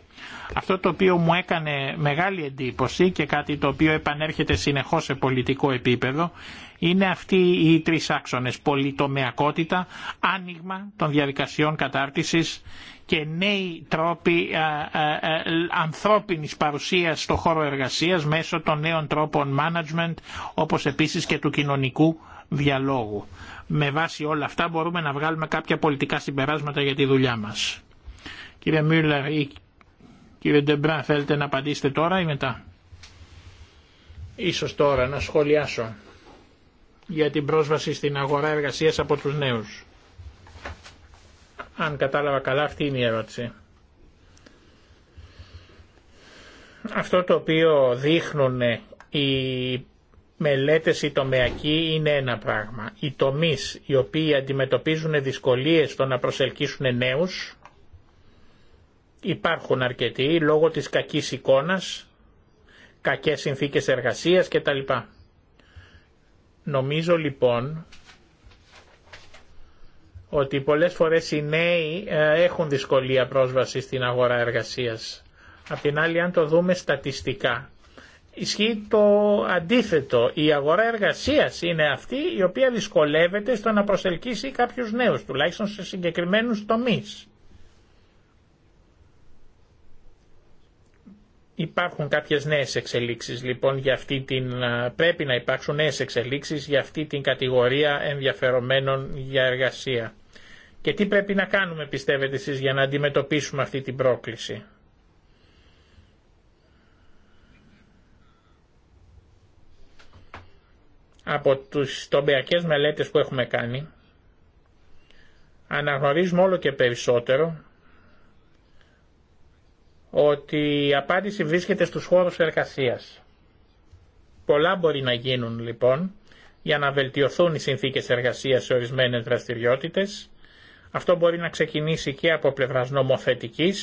Αυτό το οποίο μου έκανε μεγάλη εντύπωση και κάτι το οποίο επανέρχεται συνεχώς σε πολιτικό επίπεδο είναι αυτοί οι τρεις άξονες, πολυτομεακότητα, άνοιγμα των διαδικασιών κατάρτισης και νέοι τρόποι ε, ε, ε, ανθρώπινης παρουσίας στο χώρο εργασίας μέσω των νέων τρόπων management όπως επίσης και του κοινωνικού διαλόγου. Με βάση όλα αυτά μπορούμε να βγάλουμε κάποια πολιτικά συμπεράσματα για τη δουλειά μας. Κύριε Μιούλερ ή κύριε Ντεμπρά θέλετε να απαντήσετε τώρα ή μετά. Ίσως τώρα να σχολιάσω για την πρόσβαση στην αγορά εργασίας από τους νέους. Αν κατάλαβα καλά αυτή είναι η ερώτηση. Αυτό το οποίο δείχνουν οι μελέτες οι τομεακοί είναι ένα πράγμα. Οι τομείς οι οποίοι αντιμετωπίζουν δυσκολίες στο να προσελκύσουν νέους υπάρχουν αρκετοί λόγω της κακής εικόνας, κακές συνθήκες εργασίας κτλ. Νομίζω λοιπόν ότι πολλές φορές οι νέοι ε, έχουν δυσκολία πρόσβαση στην αγορά εργασίας. Απ' την άλλη αν το δούμε στατιστικά ισχύει το αντίθετο. Η αγορά εργασίας είναι αυτή η οποία δυσκολεύεται στο να προσελκύσει κάποιους νέους, τουλάχιστον σε συγκεκριμένους τομείς. Υπάρχουν κάποιες νέες εξελίξεις λοιπόν για αυτή την, ε, πρέπει να υπάρξουν νέες εξελίξεις για αυτή την κατηγορία ενδιαφερομένων για εργασία. Και τι πρέπει να κάνουμε πιστεύετε εσείς για να αντιμετωπίσουμε αυτή την πρόκληση. Από τις τομπιακές μελέτες που έχουμε κάνει αναγνωρίζουμε όλο και περισσότερο ότι η απάντηση βρίσκεται στους χώρους εργασίας. Πολλά μπορεί να γίνουν λοιπόν για να βελτιωθούν οι συνθήκες εργασίας σε ορισμένες δραστηριότητες αυτό μπορεί να ξεκινήσει και από πλευρά νομοθετική.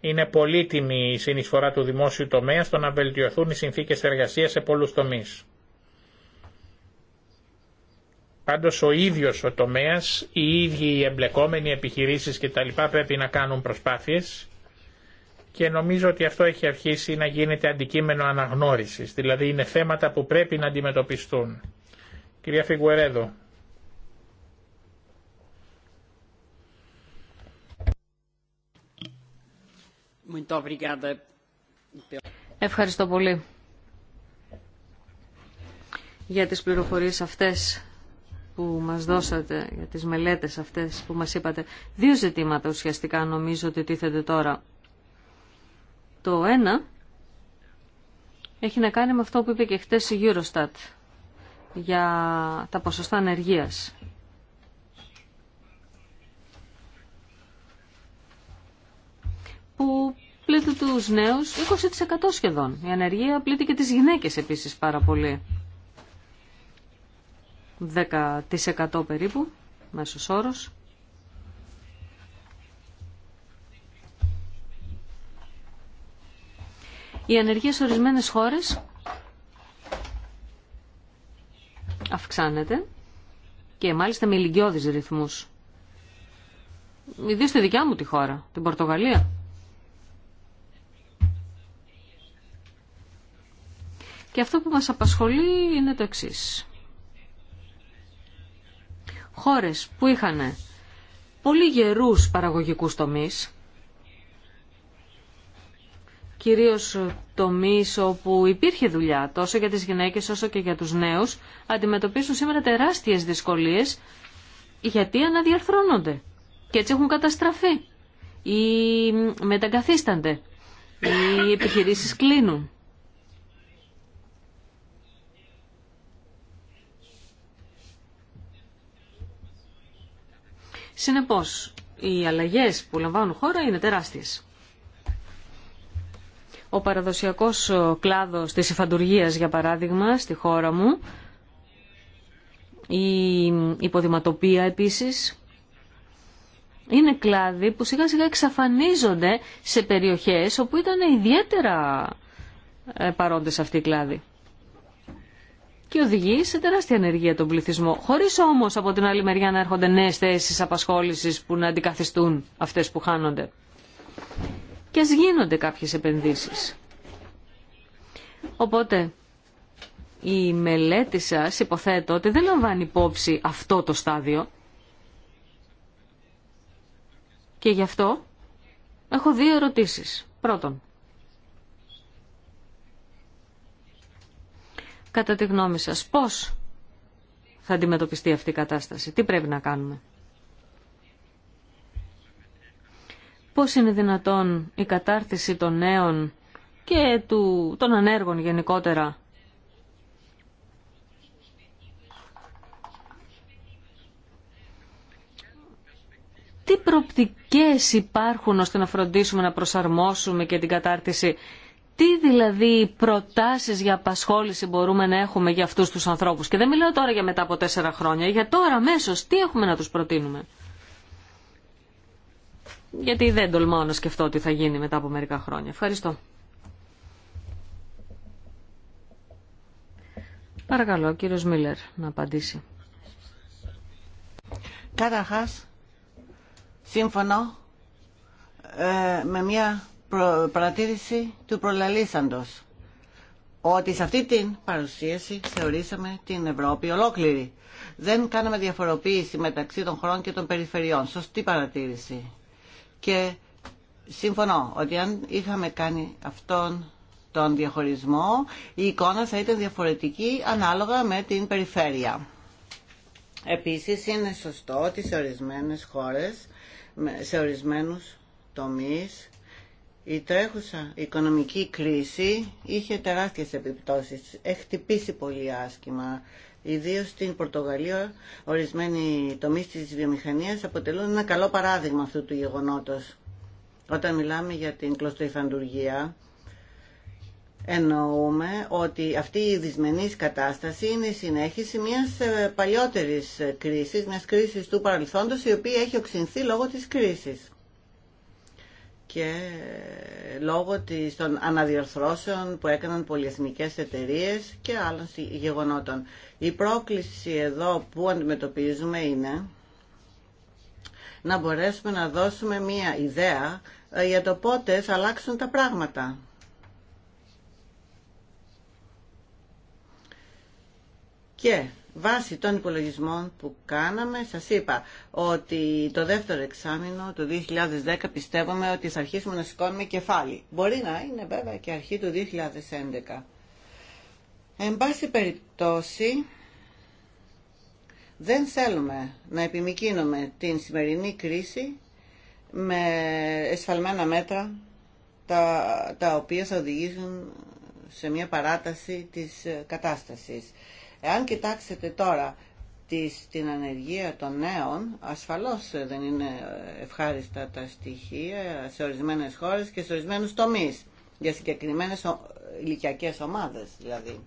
Είναι πολύτιμη η συνεισφορά του δημόσιου τομέα στο να βελτιωθούν οι συνθήκες εργασία σε πολλούς τομείς. Πάντως ο ίδιο ο τομέας, οι ίδιοι οι εμπλεκόμενοι επιχειρήσει κτλ. πρέπει να κάνουν προσπάθειες και νομίζω ότι αυτό έχει αρχίσει να γίνεται αντικείμενο αναγνώρισης, δηλαδή είναι θέματα που πρέπει να αντιμετωπιστούν. Κυρία Φιγουερέδο. Ευχαριστώ πολύ για τις πληροφορίες αυτές που μας δώσατε, για τις μελέτες αυτές που μας είπατε. Δύο ζητήματα ουσιαστικά νομίζω ότι τίθεται τώρα. Το ένα έχει να κάνει με αυτό που είπε και χτες η Eurostat για τα ποσοστά ανεργίας. που πλήττει του νέους 20% σχεδόν. Η ανεργία πλήττει και τις γυναίκες επίσης πάρα πολύ. 10% περίπου, μέσος όρος. Η ανεργία σε ορισμένες χώρες αυξάνεται και μάλιστα με ηλικιώδεις ρυθμούς. Ιδίως στη δικιά μου τη χώρα, την Πορτογαλία. Και αυτό που μας απασχολεί είναι το εξής. Χώρες που είχαν πολύ γερούς παραγωγικούς τομείς, κυρίως τομείς όπου υπήρχε δουλειά τόσο για τις γυναίκες όσο και για τους νέους, αντιμετωπίσουν σήμερα τεράστιες δυσκολίες γιατί αναδιαρθρώνονται και έτσι έχουν καταστραφεί ή μεταγκαθίστανται. Οι επιχειρήσεις κλείνουν. Συνεπώς, οι αλλαγές που λαμβάνουν χώρα είναι τεράστιες. Ο παραδοσιακός κλάδος της εφαντουργίας, για παράδειγμα, στη χώρα μου, η υποδηματοπία επίσης, είναι κλάδοι που σιγά σιγά εξαφανίζονται σε περιοχές όπου ήταν ιδιαίτερα ε, παρόντες αυτοί οι κλάδοι και οδηγεί σε τεράστια ενεργεία τον πληθυσμό. Χωρίς όμως από την άλλη μεριά να έρχονται νέες θέσεις απασχόλησης που να αντικαθιστούν αυτές που χάνονται. Και ας γίνονται κάποιες επενδύσεις. Οπότε η μελέτη σας υποθέτω ότι δεν λαμβάνει υπόψη αυτό το στάδιο. Και γι' αυτό έχω δύο ερωτήσεις. Πρώτον, Κατά τη γνώμη σας, πώς θα αντιμετωπιστεί αυτή η κατάσταση, τι πρέπει να κάνουμε. Πώς είναι δυνατόν η κατάρτιση των νέων και του, των ανέργων γενικότερα Τι προπτικές υπάρχουν ώστε να φροντίσουμε να προσαρμόσουμε και την κατάρτιση τι δηλαδή προτάσεις για απασχόληση μπορούμε να έχουμε για αυτούς τους ανθρώπους. Και δεν μιλάω τώρα για μετά από τέσσερα χρόνια, για τώρα αμέσω τι έχουμε να τους προτείνουμε. Γιατί δεν τολμάω να σκεφτώ τι θα γίνει μετά από μερικά χρόνια. Ευχαριστώ. Παρακαλώ, κύριος Μίλλερ να απαντήσει. Καταρχάς, σύμφωνο ε, με μια παρατήρηση του προλαλήσαντος ότι σε αυτή την παρουσίαση θεωρήσαμε την Ευρώπη ολόκληρη. Δεν κάναμε διαφοροποίηση μεταξύ των χωρών και των περιφερειών. Σωστή παρατήρηση. Και συμφωνώ ότι αν είχαμε κάνει αυτόν τον διαχωρισμό, η εικόνα θα ήταν διαφορετική ανάλογα με την περιφέρεια. Επίσης είναι σωστό ότι σε ορισμένες χώρες, σε ορισμένους τομείς, η τρέχουσα οικονομική κρίση είχε τεράστιες επιπτώσεις. Έχει χτυπήσει πολύ άσχημα. Ιδίω στην Πορτογαλία, ορισμένοι τομεί τη βιομηχανία αποτελούν ένα καλό παράδειγμα αυτού του γεγονότο. Όταν μιλάμε για την κλωστοϊφαντουργία, εννοούμε ότι αυτή η δυσμενής κατάσταση είναι η συνέχιση μιας ε, παλιότερης κρίσης, μιας κρίσης του παρελθόντος η οποία έχει οξυνθεί λόγω της κρίσης και ε, λόγω της, των αναδιορθώσεων που έκαναν πολυεθνικές εταιρείες και άλλων γεγονότων. Η πρόκληση εδώ που αντιμετωπίζουμε είναι να μπορέσουμε να δώσουμε μία ιδέα ε, για το πότε θα αλλάξουν τα πράγματα. Και Βάσει των υπολογισμών που κάναμε, σας είπα ότι το δεύτερο εξάμεινο του 2010 πιστεύουμε ότι θα αρχίσουμε να σηκώνουμε κεφάλι. Μπορεί να είναι βέβαια και αρχή του 2011. Εν πάση περιπτώσει, δεν θέλουμε να επιμικίνουμε την σημερινή κρίση με εσφαλμένα μέτρα τα, τα οποία θα οδηγήσουν σε μια παράταση της κατάστασης. Εάν κοιτάξετε τώρα την ανεργία των νέων, ασφαλώς δεν είναι ευχάριστα τα στοιχεία σε ορισμένες χώρες και σε ορισμένους τομείς, για συγκεκριμένες ηλικιακέ ομάδες δηλαδή.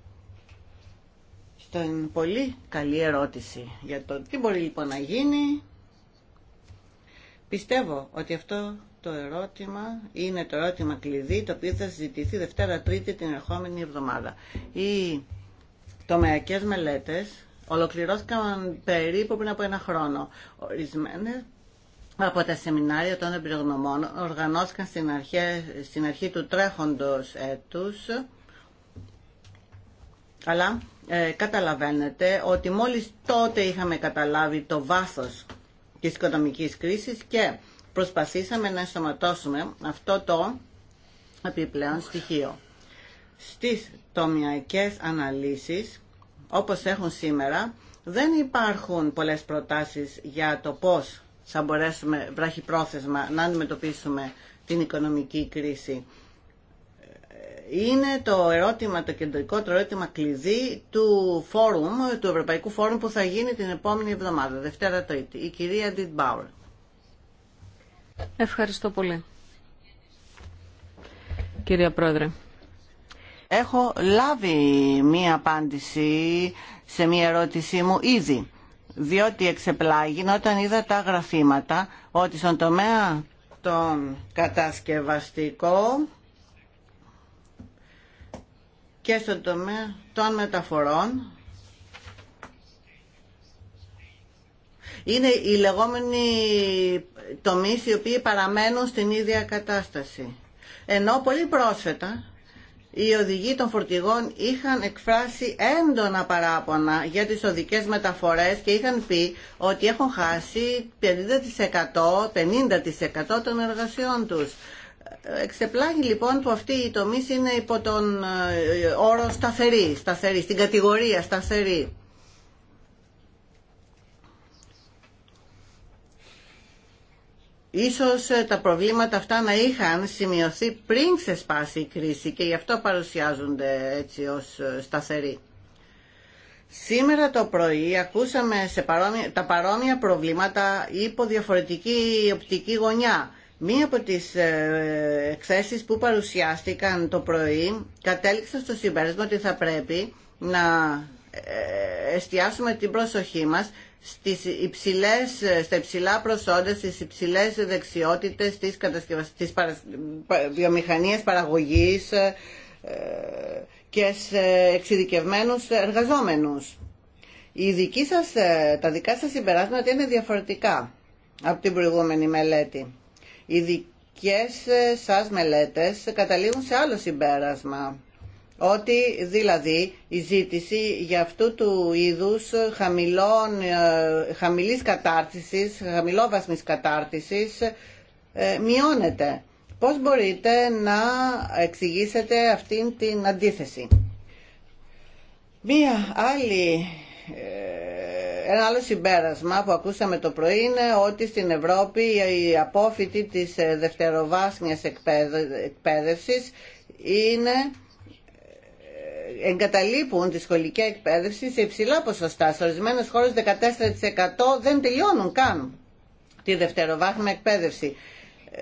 στον πολύ καλή ερώτηση για το τι μπορεί λοιπόν να γίνει. Πιστεύω ότι αυτό το ερώτημα είναι το ερώτημα κλειδί το οποίο θα συζητηθεί Δευτέρα Τρίτη την ερχόμενη εβδομάδα. Η τομεακέ μελέτες ολοκληρώθηκαν περίπου πριν από ένα χρόνο. Ορισμένε από τα σεμινάρια των εμπειρογνωμών οργανώθηκαν στην αρχή, του τρέχοντος έτους αλλά ε, καταλαβαίνετε ότι μόλις τότε είχαμε καταλάβει το βάθος της οικονομικής κρίσης και προσπαθήσαμε να ενσωματώσουμε αυτό το επιπλέον στοιχείο στις τομιακές αναλύσεις, όπως έχουν σήμερα, δεν υπάρχουν πολλές προτάσεις για το πώς θα μπορέσουμε πρόθεσμα, να αντιμετωπίσουμε την οικονομική κρίση. Είναι το ερώτημα, το κεντρικό, το ερώτημα κλειδί του φόρουμ, του Ευρωπαϊκού Φόρουμ που θα γίνει την επόμενη εβδομάδα, Δευτέρα Τρίτη. Η κυρία Ντιτ Μπάουρ. Ευχαριστώ πολύ. Κυρία Πρόεδρε, Έχω λάβει μία απάντηση σε μία ερώτησή μου ήδη, διότι εξεπλάγει όταν είδα τα γραφήματα ότι στον τομέα των κατασκευαστικό και στον τομέα των μεταφορών είναι οι λεγόμενοι τομείς οι οποίοι παραμένουν στην ίδια κατάσταση. Ενώ πολύ πρόσφατα οι οδηγοί των φορτηγών είχαν εκφράσει έντονα παράπονα για τις οδικές μεταφορές και είχαν πει ότι έχουν χάσει 50%, 50% των εργασιών τους. Εξεπλάγει λοιπόν που αυτή η τομή είναι υπό τον ε, όρο σταθερή, σταθερή στην κατηγορία σταθερή. Ίσως ε, τα προβλήματα αυτά να είχαν σημειωθεί πριν ξεσπάσει η κρίση και γι' αυτό παρουσιάζονται έτσι ως ε, σταθεροί. Σήμερα το πρωί ακούσαμε σε τα παρόμοια προβλήματα υπό διαφορετική οπτική γωνιά. Μία από τις ε, εκθέσεις που παρουσιάστηκαν το πρωί κατέληξε στο συμπέρασμα ότι θα πρέπει να εστιάσουμε την προσοχή μας στις υψηλές, στα υψηλά προσόντα, στις υψηλές δεξιότητες της, κατασκευασ... της παραγωγής ε, και σε εξειδικευμένους εργαζόμενους. Οι σας, ε, τα δικά σας συμπεράσματα είναι διαφορετικά από την προηγούμενη μελέτη. Οι δικές ε, σας μελέτες καταλήγουν σε άλλο συμπέρασμα ότι δηλαδή η ζήτηση για αυτού του είδους χαμηλών, ε, χαμηλής κατάρτισης, χαμηλόβασμης κατάρτισης ε, μειώνεται. Πώς μπορείτε να εξηγήσετε αυτήν την αντίθεση. Μία άλλη ε, ένα άλλο συμπέρασμα που ακούσαμε το πρωί είναι ότι στην Ευρώπη οι απόφοιτοι της δευτεροβάσμιας εκπαίδευσης είναι εγκαταλείπουν τη σχολική εκπαίδευση σε υψηλά ποσοστά. Σε ορισμένε χώρε 14% δεν τελειώνουν καν τη δευτεροβάθμια εκπαίδευση. Ε,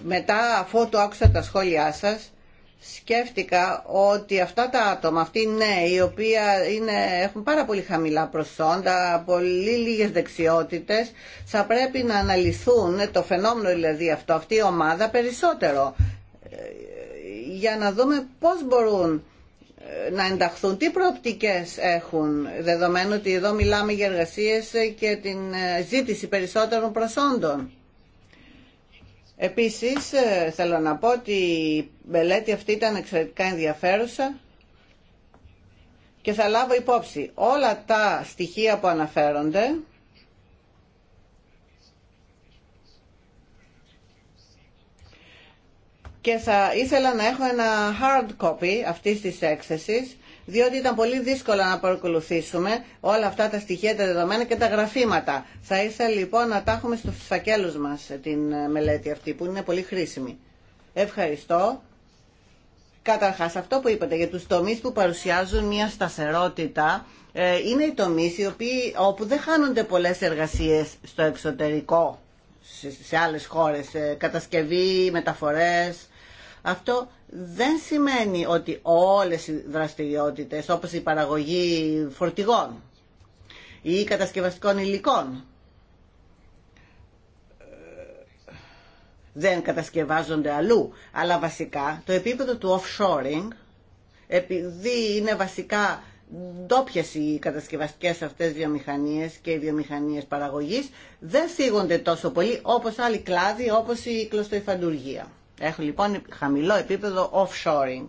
μετά αφού το άκουσα τα σχόλιά σα, σκέφτηκα ότι αυτά τα άτομα, αυτοί οι νέοι, οι οποίοι είναι, έχουν πάρα πολύ χαμηλά προσόντα, πολύ λίγες δεξιότητες, θα πρέπει να αναλυθούν το φαινόμενο δηλαδή αυτό, αυτή η ομάδα περισσότερο, ε, για να δούμε πώς μπορούν ε, να ενταχθούν, τι προοπτικές έχουν, δεδομένου ότι εδώ μιλάμε για εργασίες και την ε, ζήτηση περισσότερων προσόντων. Επίσης, ε, θέλω να πω ότι η μελέτη αυτή ήταν εξαιρετικά ενδιαφέρουσα και θα λάβω υπόψη όλα τα στοιχεία που αναφέρονται και θα ήθελα να έχω ένα hard copy αυτής της έκθεσης διότι ήταν πολύ δύσκολο να παρακολουθήσουμε όλα αυτά τα στοιχεία, τα δεδομένα και τα γραφήματα. Θα ήθελα λοιπόν να τα έχουμε στο φακέλους μας ε, την ε, μελέτη αυτή που είναι πολύ χρήσιμη. Ευχαριστώ. Καταρχάς αυτό που είπατε για τους τομείς που παρουσιάζουν μια σταθερότητα ε, είναι οι τομείς οι οποίοι, όπου δεν χάνονται πολλές εργασίες στο εξωτερικό σε άλλες χώρες, κατασκευή, μεταφορές. Αυτό δεν σημαίνει ότι όλες οι δραστηριότητες, όπως η παραγωγή φορτηγών ή κατασκευαστικών υλικών, ε, δεν κατασκευάζονται αλλού. Αλλά βασικά το επίπεδο του offshoring, επειδή είναι βασικά ντόπιε οι κατασκευαστικέ αυτές βιομηχανίε και οι βιομηχανίε παραγωγής δεν σίγονται τόσο πολύ όπως άλλοι κλάδοι, όπως η κλωστοϊφαντουργία. Έχουν λοιπόν χαμηλό επίπεδο offshoring.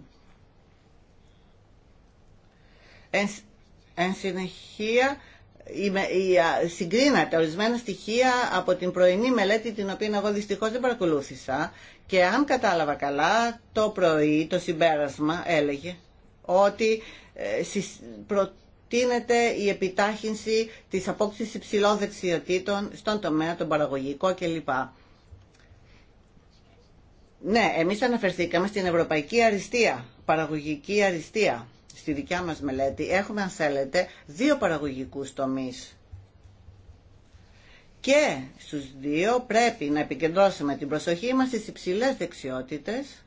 Εν, συνεχεία, συγκρίνατε ορισμένα στοιχεία από την πρωινή μελέτη την οποία εγώ δυστυχώς δεν παρακολούθησα και αν κατάλαβα καλά το πρωί το συμπέρασμα έλεγε ότι ε, προτείνεται η επιτάχυνση της απόκτησης υψηλών δεξιοτήτων στον τομέα, τον παραγωγικό κλπ. Ναι, εμείς αναφερθήκαμε στην ευρωπαϊκή αριστεία, παραγωγική αριστεία. Στη δικιά μας μελέτη έχουμε, αν θέλετε, δύο παραγωγικούς τομείς. Και στους δύο πρέπει να επικεντρώσουμε την προσοχή μας στις υψηλές δεξιότητες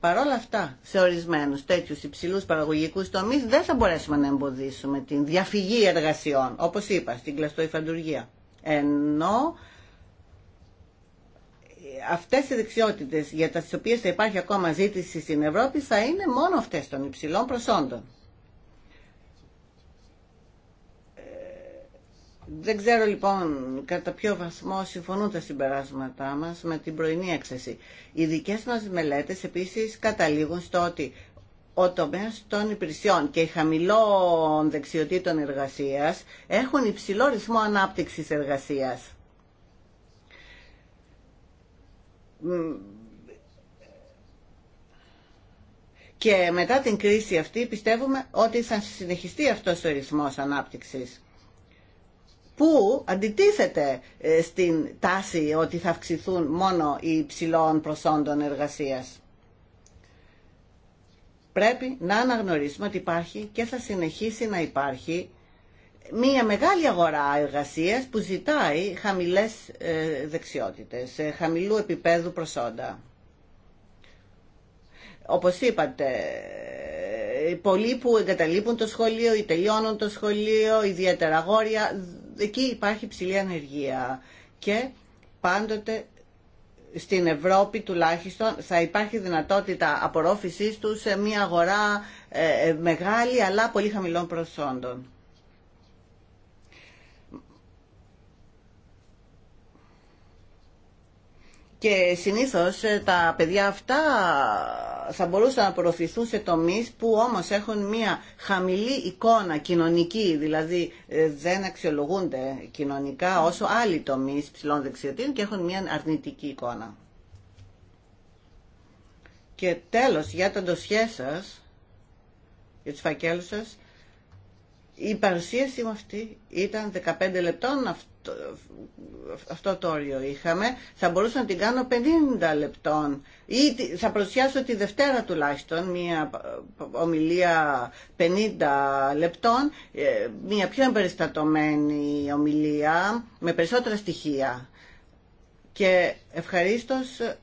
Παρόλα αυτά, σε ορισμένου τέτοιου υψηλού παραγωγικού τομεί, δεν θα μπορέσουμε να εμποδίσουμε την διαφυγή εργασιών, όπως είπα, στην κλαστοϊφαντουργία. Ενώ αυτές οι δεξιότητες για τις οποίες θα υπάρχει ακόμα ζήτηση στην Ευρώπη θα είναι μόνο αυτές των υψηλών προσόντων. Δεν ξέρω λοιπόν κατά ποιο βαθμό συμφωνούν τα συμπεράσματά μας με την πρωινή έξεση. Οι δικές μας μελέτες επίσης καταλήγουν στο ότι ο τομέας των υπηρεσιών και οι χαμηλών δεξιοτήτων εργασία έχουν υψηλό ρυθμό ανάπτυξη εργασία. Και μετά την κρίση αυτή πιστεύουμε ότι θα συνεχιστεί αυτός ο ρυθμός ανάπτυξης που αντιτίθεται ε, στην τάση ότι θα αυξηθούν μόνο οι υψηλών προσόντων εργασίας. Πρέπει να αναγνωρίσουμε ότι υπάρχει και θα συνεχίσει να υπάρχει μια μεγάλη αγορά εργασίας που ζητάει χαμηλές ε, δεξιότητες, ε, χαμηλού επίπεδου προσόντα. Όπως είπατε, πολλοί που εγκαταλείπουν το σχολείο ή τελειώνουν το σχολείο, ιδιαίτερα αγόρια, εκεί υπάρχει ψηλή ανεργία και πάντοτε στην Ευρώπη τουλάχιστον θα υπάρχει δυνατότητα απορρόφησής τους σε μια αγορά ε, ε, μεγάλη αλλά πολύ χαμηλών προσόντων. Και συνήθως ε, τα παιδιά αυτά θα μπορούσαν να προωθηθούν σε τομείς που όμως έχουν μια χαμηλή εικόνα κοινωνική, δηλαδή ε, δεν αξιολογούνται κοινωνικά όσο άλλοι τομείς ψηλών δεξιοτήτων και έχουν μια αρνητική εικόνα. Και τέλος, για τα ντοσιέ σας, για του φακέλους σας, η παρουσίαση μου αυτή ήταν 15 λεπτών, αυτό αυτό το όριο είχαμε, θα μπορούσα να την κάνω 50 λεπτών ή θα προσιάσω τη Δευτέρα τουλάχιστον μια ε, ομιλία 50 λεπτών, ε, μια πιο εμπεριστατωμένη ομιλία με περισσότερα στοιχεία. Και ευχαρίστως ε,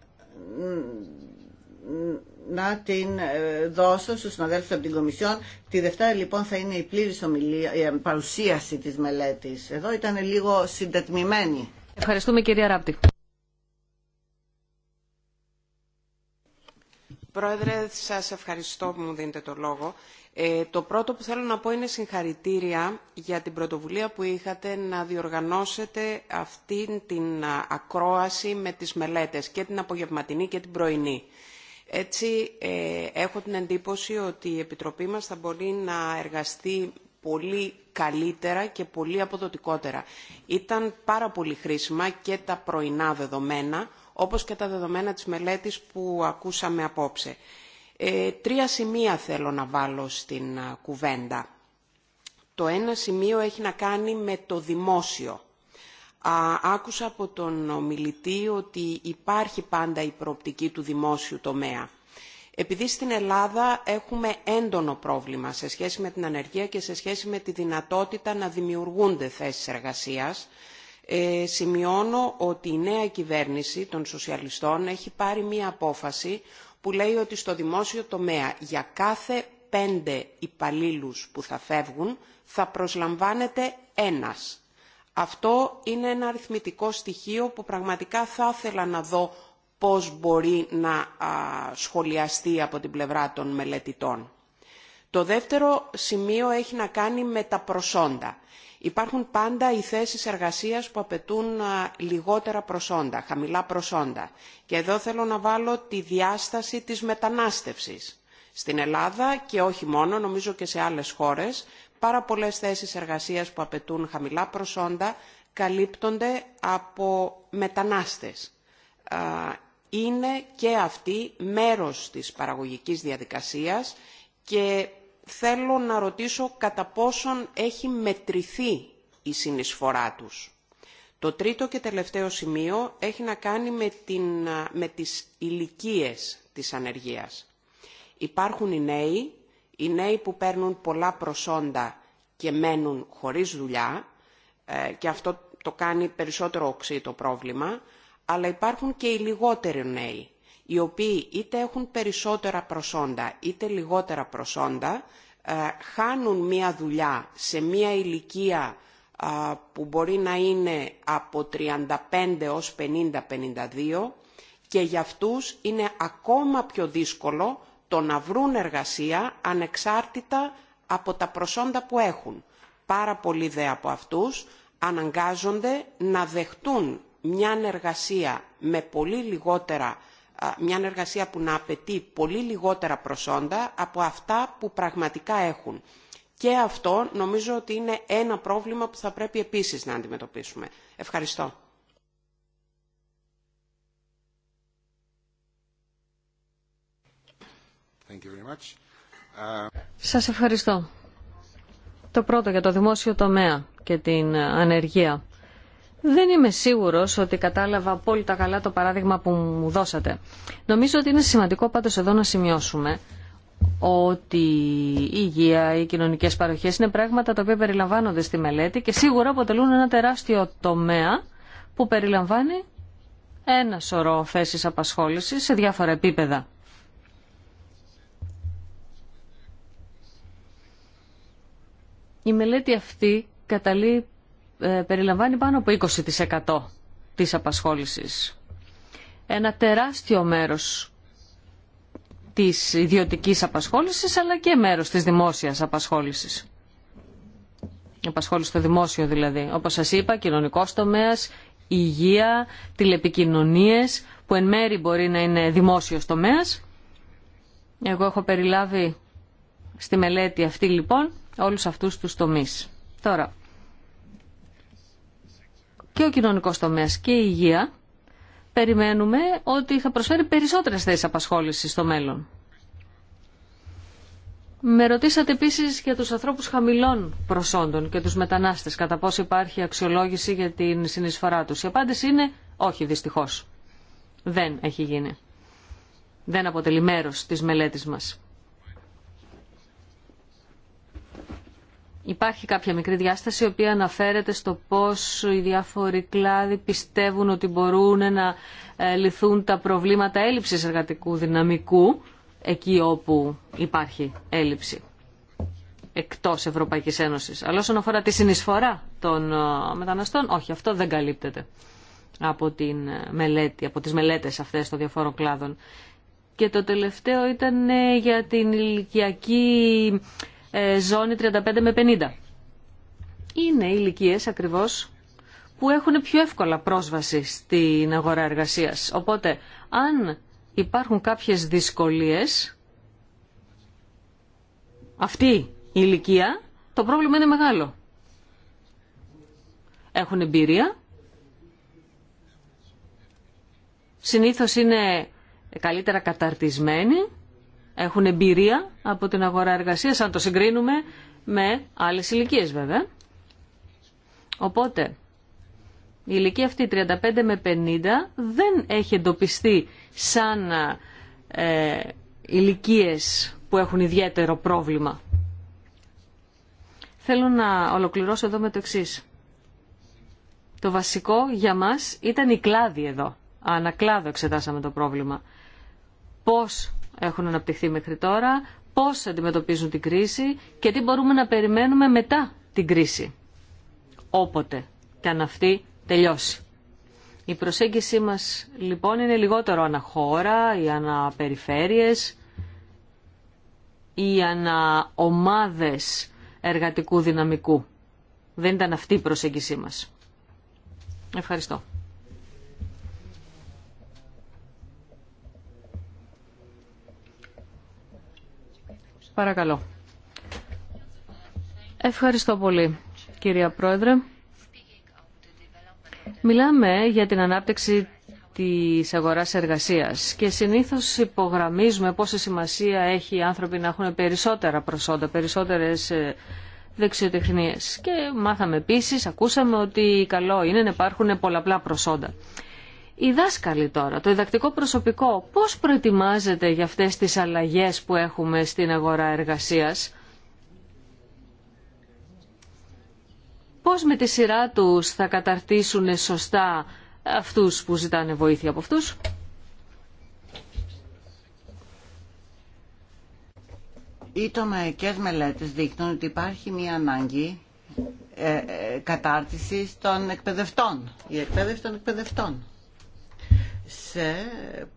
να την ε, δώσω στους συναδέλφους από την Κομισιόν. Τη Δευτέρα λοιπόν θα είναι η πλήρης ομιλία, η ε, παρουσίαση της μελέτης. Εδώ ήταν λίγο συντετμημένη. Ευχαριστούμε κυρία Ράπτη. Πρόεδρε, σας ευχαριστώ που μου δίνετε το λόγο. Ε, το πρώτο που θέλω να πω είναι συγχαρητήρια για την πρωτοβουλία που είχατε να διοργανώσετε αυτή την ακρόαση με τις μελέτες, και την απογευματινή και την πρωινή. Έτσι ε, έχω την εντύπωση ότι η Επιτροπή μας θα μπορεί να εργαστεί πολύ καλύτερα και πολύ αποδοτικότερα. Ήταν πάρα πολύ χρήσιμα και τα πρωινά δεδομένα, όπως και τα δεδομένα της μελέτης που ακούσαμε απόψε. Ε, τρία σημεία θέλω να βάλω στην ε, κουβέντα. Το ένα σημείο έχει να κάνει με το δημόσιο άκουσα από τον ομιλητή ότι υπάρχει πάντα η προοπτική του δημόσιου τομέα. Επειδή στην Ελλάδα έχουμε έντονο πρόβλημα σε σχέση με την ανεργία και σε σχέση με τη δυνατότητα να δημιουργούνται θέσεις εργασίας, ε, σημειώνω ότι η νέα κυβέρνηση των σοσιαλιστών έχει πάρει μία απόφαση που λέει ότι στο δημόσιο τομέα για κάθε πέντε υπαλλήλους που θα φεύγουν θα προσλαμβάνεται ένας αυτό είναι ένα αριθμητικό στοιχείο που πραγματικά θα ήθελα να δω πώς μπορεί να σχολιαστεί από την πλευρά των μελετητών. Το δεύτερο σημείο έχει να κάνει με τα προσόντα. Υπάρχουν πάντα οι θέσεις εργασίας που απαιτούν λιγότερα προσόντα, χαμηλά προσόντα. Και εδώ θέλω να βάλω τη διάσταση της μετανάστευσης. Στην Ελλάδα και όχι μόνο, νομίζω και σε άλλες χώρες, πάρα πολλές θέσεις εργασίας που απαιτούν χαμηλά προσόντα καλύπτονται από μετανάστες. Είναι και αυτή μέρος της παραγωγικής διαδικασίας και θέλω να ρωτήσω κατά πόσον έχει μετρηθεί η συνεισφορά τους. Το τρίτο και τελευταίο σημείο έχει να κάνει με, την, με τις ηλικίε της ανεργίας. Υπάρχουν οι νέοι οι νέοι που παίρνουν πολλά προσόντα και μένουν χωρίς δουλειά, ε, και αυτό το κάνει περισσότερο οξύ το πρόβλημα, αλλά υπάρχουν και οι λιγότεροι νέοι, οι οποίοι είτε έχουν περισσότερα προσόντα είτε λιγότερα προσόντα, ε, χάνουν μία δουλειά σε μία ηλικία που μπορεί να είναι από 35 ως 50-52 και για αυτούς είναι ακόμα πιο δύσκολο το να βρουν εργασία ανεξάρτητα από τα προσόντα που έχουν. Πάρα πολλοί δε από αυτούς αναγκάζονται να δεχτούν μια εργασία, με πολύ λιγότερα, μια εργασία που να απαιτεί πολύ λιγότερα προσόντα από αυτά που πραγματικά έχουν. Και αυτό νομίζω ότι είναι ένα πρόβλημα που θα πρέπει επίσης να αντιμετωπίσουμε. Ευχαριστώ. Σας ευχαριστώ. Το πρώτο για το δημόσιο τομέα και την ε, ανεργία. Δεν είμαι σίγουρος ότι κατάλαβα απόλυτα καλά το παράδειγμα που μου δώσατε. Νομίζω ότι είναι σημαντικό πάντως εδώ να σημειώσουμε ότι η υγεία, οι κοινωνικές παροχές είναι πράγματα τα οποία περιλαμβάνονται στη μελέτη και σίγουρα αποτελούν ένα τεράστιο τομέα που περιλαμβάνει ένα σωρό θέσεις απασχόλησης σε διάφορα επίπεδα. Η μελέτη αυτή καταλή ε, περιλαμβάνει πάνω από 20% της απασχόλησης. Ένα τεράστιο μέρος της ιδιωτικής απασχόλησης αλλά και μέρος της δημόσιας απασχόλησης. Απασχόληση στο δημόσιο δηλαδή. Όπως σας είπα, κοινωνικός τομέας, υγεία, τηλεπικοινωνίες που εν μέρη μπορεί να είναι δημόσιος τομέας. Εγώ έχω περιλάβει στη μελέτη αυτή λοιπόν όλους αυτούς τους τομείς. Τώρα, και ο κοινωνικός τομέας και η υγεία περιμένουμε ότι θα προσφέρει περισσότερες θέσεις απασχόλησης στο μέλλον. Με ρωτήσατε επίσης για τους ανθρώπους χαμηλών προσόντων και τους μετανάστες, κατά πόσο υπάρχει αξιολόγηση για την συνεισφορά τους. Η απάντηση είναι όχι δυστυχώς. Δεν έχει γίνει. Δεν αποτελεί μέρος της μελέτης μας. Υπάρχει κάποια μικρή διάσταση η οποία αναφέρεται στο πώς οι διάφοροι κλάδοι πιστεύουν ότι μπορούν να ε, λυθούν τα προβλήματα έλλειψης εργατικού δυναμικού εκεί όπου υπάρχει έλλειψη εκτός Ευρωπαϊκής Ένωσης. Αλλά όσον αφορά τη συνεισφορά των ε, μεταναστών, όχι, αυτό δεν καλύπτεται από, την ε, μελέτη, από τις μελέτες αυτές των διαφόρων κλάδων. Και το τελευταίο ήταν για την ηλικιακή ε, ζώνη 35 με 50. Είναι ηλικίε ακριβώς που έχουν πιο εύκολα πρόσβαση στην αγορά εργασίας. Οπότε, αν υπάρχουν κάποιες δυσκολίες, αυτή η ηλικία, το πρόβλημα είναι μεγάλο. Έχουν εμπειρία. Συνήθως είναι καλύτερα καταρτισμένοι έχουν εμπειρία από την αγορά εργασία αν το συγκρίνουμε με άλλες ηλικίε, βέβαια. Οπότε, η ηλικία αυτή 35 με 50 δεν έχει εντοπιστεί σαν ε, που έχουν ιδιαίτερο πρόβλημα. Θέλω να ολοκληρώσω εδώ με το εξή. Το βασικό για μας ήταν η κλάδη εδώ. Ανακλάδο εξετάσαμε το πρόβλημα. Πώς έχουν αναπτυχθεί μέχρι τώρα, πώς αντιμετωπίζουν την κρίση και τι μπορούμε να περιμένουμε μετά την κρίση, όποτε και αν αυτή τελειώσει. Η προσέγγιση μας λοιπόν είναι λιγότερο αναχώρα ή αναπεριφέρειες ή αναομάδες εργατικού δυναμικού. Δεν ήταν αυτή η προσέγγιση μας. Ευχαριστώ. Παρακαλώ. Ευχαριστώ πολύ, κυρία Πρόεδρε. Μιλάμε για την ανάπτυξη της αγοράς εργασίας και συνήθως υπογραμμίζουμε πόση σημασία έχει οι άνθρωποι να έχουν περισσότερα προσόντα, περισσότερες ε, δεξιοτεχνίες. Και μάθαμε επίσης, ακούσαμε ότι καλό είναι να υπάρχουν πολλαπλά προσόντα. Οι δάσκαλοι τώρα, το διδακτικό προσωπικό, πώς προετοιμάζεται για αυτές τις αλλαγές που έχουμε στην αγορά εργασίας. Πώς με τη σειρά τους θα καταρτήσουν σωστά αυτούς που ζητάνε βοήθεια από αυτούς. Οι τομεϊκές μελέτες δείχνουν ότι υπάρχει μια ανάγκη ε, ε, κατάρτισης των εκπαιδευτών, Η εκπαίδευση των εκπαιδευτών σε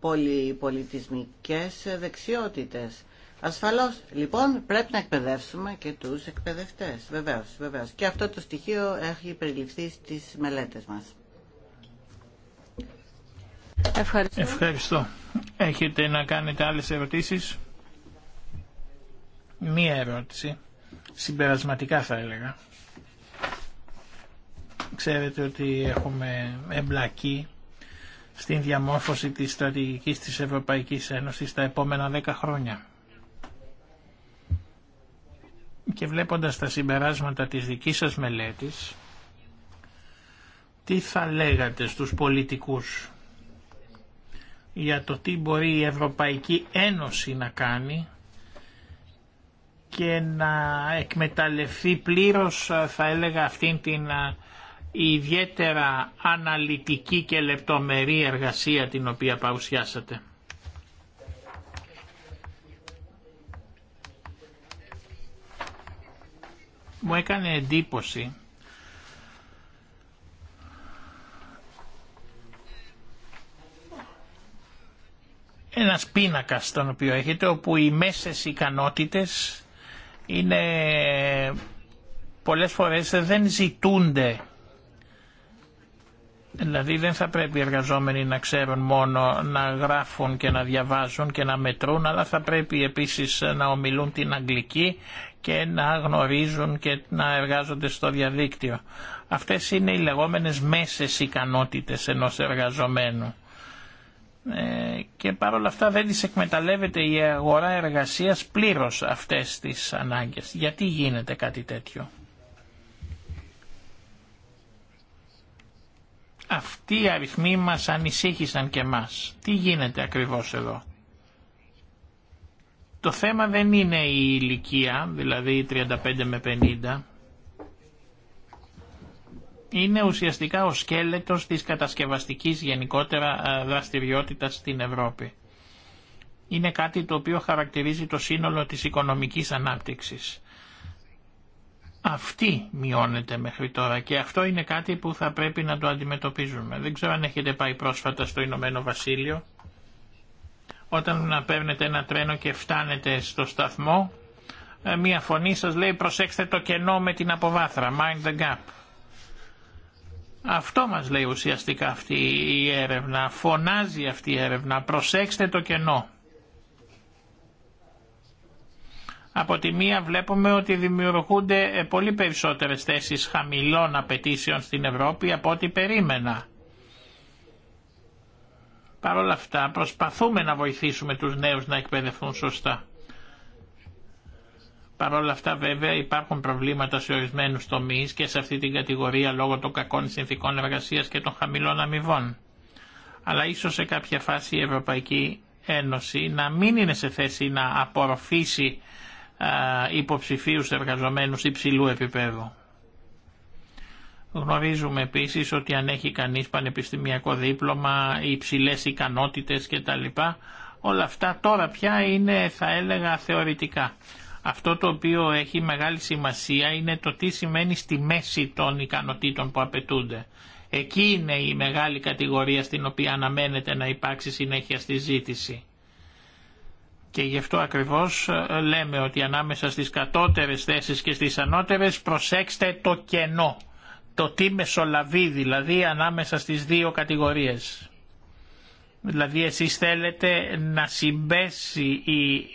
πολυπολιτισμικές δεξιότητες. Ασφαλώς, λοιπόν, πρέπει να εκπαιδεύσουμε και τους εκπαιδευτές, βεβαίως, βεβαίως. Και αυτό το στοιχείο έχει περιληφθεί στις μελέτες μας. Ευχαριστώ. Έχετε να κάνετε άλλες ερωτήσεις. Μία ερώτηση. Συμπερασματικά θα έλεγα. Ξέρετε ότι έχουμε εμπλακεί στην διαμόρφωση της στρατηγικής της Ευρωπαϊκής Ένωσης τα επόμενα δέκα χρόνια. Και βλέποντας τα συμπεράσματα της δικής σας μελέτης, τι θα λέγατε στους πολιτικούς για το τι μπορεί η Ευρωπαϊκή Ένωση να κάνει και να εκμεταλλευτεί πλήρως θα έλεγα αυτήν την η ιδιαίτερα αναλυτική και λεπτομερή εργασία την οποία παρουσιάσατε. Μου έκανε εντύπωση ένας πίνακας τον οποίο έχετε όπου οι μέσες ικανότητες είναι πολλές φορές δεν ζητούνται Δηλαδή δεν θα πρέπει οι εργαζόμενοι να ξέρουν μόνο να γράφουν και να διαβάζουν και να μετρούν, αλλά θα πρέπει επίσης να ομιλούν την αγγλική και να γνωρίζουν και να εργάζονται στο διαδίκτυο. Αυτές είναι οι λεγόμενες μέσες ικανότητες ενός εργαζομένου. Ε, και παρόλα αυτά δεν τις εκμεταλλεύεται η αγορά εργασίας πλήρως αυτές τις ανάγκες. Γιατί γίνεται κάτι τέτοιο. Αυτοί οι αριθμοί μας ανησύχησαν και μας. Τι γίνεται ακριβώς εδώ. Το θέμα δεν είναι η ηλικία, δηλαδή 35 με 50. Είναι ουσιαστικά ο σκέλετος της κατασκευαστικής γενικότερα ε, δραστηριότητας στην Ευρώπη. Είναι κάτι το οποίο χαρακτηρίζει το σύνολο της οικονομικής ανάπτυξης αυτή μειώνεται μέχρι τώρα και αυτό είναι κάτι που θα πρέπει να το αντιμετωπίζουμε. Δεν ξέρω αν έχετε πάει πρόσφατα στο Ηνωμένο Βασίλειο. Όταν να παίρνετε ένα τρένο και φτάνετε στο σταθμό, ε, μία φωνή σας λέει προσέξτε το κενό με την αποβάθρα, mind the gap. Αυτό μας λέει ουσιαστικά αυτή η έρευνα, φωνάζει αυτή η έρευνα, προσέξτε το κενό. Από τη μία βλέπουμε ότι δημιουργούνται ε, πολύ περισσότερες θέσεις χαμηλών απαιτήσεων στην Ευρώπη από ό,τι περίμενα. Παρ' όλα αυτά προσπαθούμε να βοηθήσουμε τους νέους να εκπαιδευτούν σωστά. Παρ' όλα αυτά βέβαια υπάρχουν προβλήματα σε ορισμένους τομείς και σε αυτή την κατηγορία λόγω των κακών συνθήκων εργασίας και των χαμηλών αμοιβών. Αλλά ίσως σε κάποια φάση η Ευρωπαϊκή Ένωση να μην είναι σε θέση να απορροφήσει υποψηφίους εργαζομένους υψηλού επίπεδου. Γνωρίζουμε επίσης ότι αν έχει κανείς πανεπιστημιακό δίπλωμα, υψηλές ικανότητες κτλ. Όλα αυτά τώρα πια είναι θα έλεγα θεωρητικά. Αυτό το οποίο έχει μεγάλη σημασία είναι το τι σημαίνει στη μέση των ικανοτήτων που απαιτούνται. Εκεί είναι η μεγάλη κατηγορία στην οποία αναμένεται να υπάρξει συνέχεια στη ζήτηση. Και γι' αυτό ακριβώς ε, λέμε ότι ανάμεσα στις κατώτερες θέσεις και στις ανώτερες προσέξτε το κενό. Το τι μεσολαβεί δηλαδή ανάμεσα στις δύο κατηγορίες. Δηλαδή εσείς θέλετε να συμπέσει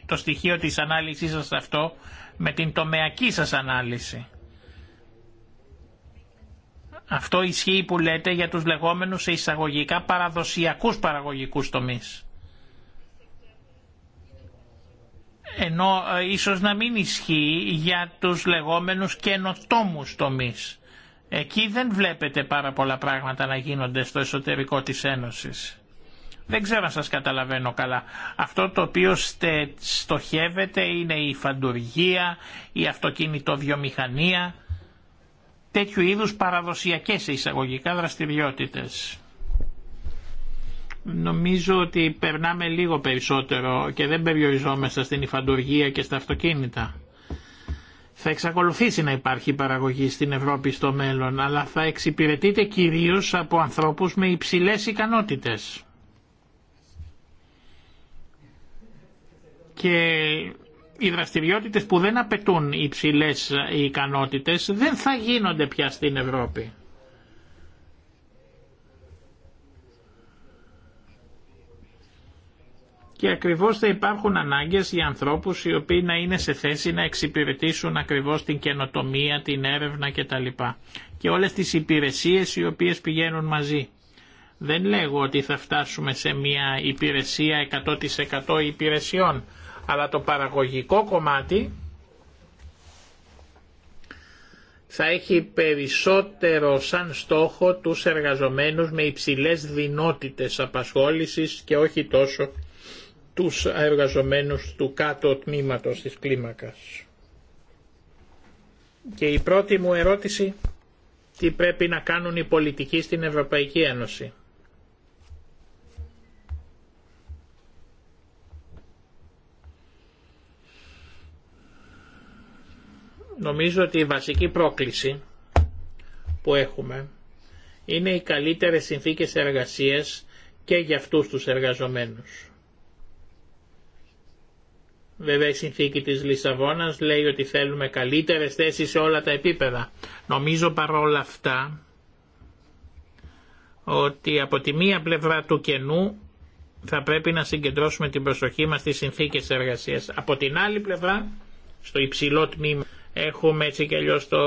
το στοιχείο της ανάλυσης σας αυτό με την τομεακή σας ανάλυση. Αυτό ισχύει που λέτε για τους λεγόμενους εισαγωγικά παραδοσιακούς παραγωγικούς τομείς. ενώ ε, ίσως να μην ισχύει για τους λεγόμενους καινοτόμους τομείς. Εκεί δεν βλέπετε πάρα πολλά πράγματα να γίνονται στο εσωτερικό της Ένωσης. Δεν ξέρω αν σας καταλαβαίνω καλά. Αυτό το οποίο στοχεύεται είναι η φαντουργία, η αυτοκινητοβιομηχανία, τέτοιου είδους παραδοσιακές εισαγωγικά δραστηριότητες. Νομίζω ότι περνάμε λίγο περισσότερο και δεν περιοριζόμαστε στην υφαντουργία και στα αυτοκίνητα. Θα εξακολουθήσει να υπάρχει παραγωγή στην Ευρώπη στο μέλλον, αλλά θα εξυπηρετείται κυρίως από ανθρώπους με υψηλές ικανότητες. Και οι δραστηριότητες που δεν απαιτούν υψηλές ικανότητες δεν θα γίνονται πια στην Ευρώπη. και ακριβώς θα υπάρχουν ανάγκες για ανθρώπους οι οποίοι να είναι σε θέση να εξυπηρετήσουν ακριβώς την καινοτομία, την έρευνα κτλ. Και όλες τις υπηρεσίες οι οποίες πηγαίνουν μαζί. Δεν λέγω ότι θα φτάσουμε σε μια υπηρεσία 100% υπηρεσιών, αλλά το παραγωγικό κομμάτι θα έχει περισσότερο σαν στόχο τους εργαζομένους με υψηλές δυνότητες απασχόλησης και όχι τόσο τους εργαζομένους του κάτω τμήματος της κλίμακας. Και η πρώτη μου ερώτηση, τι πρέπει να κάνουν οι πολιτικοί στην Ευρωπαϊκή Ένωση. Νομίζω ότι η βασική πρόκληση που έχουμε είναι οι καλύτερες συνθήκες εργασίας και για αυτούς τους εργαζομένους. Βέβαια η συνθήκη της Λισαβόνας λέει ότι θέλουμε καλύτερες θέσεις σε όλα τα επίπεδα. Νομίζω παρόλα αυτά ότι από τη μία πλευρά του κενού θα πρέπει να συγκεντρώσουμε την προσοχή μας στις συνθήκες εργασίας. Από την άλλη πλευρά, στο υψηλό τμήμα, έχουμε έτσι και αλλιώς το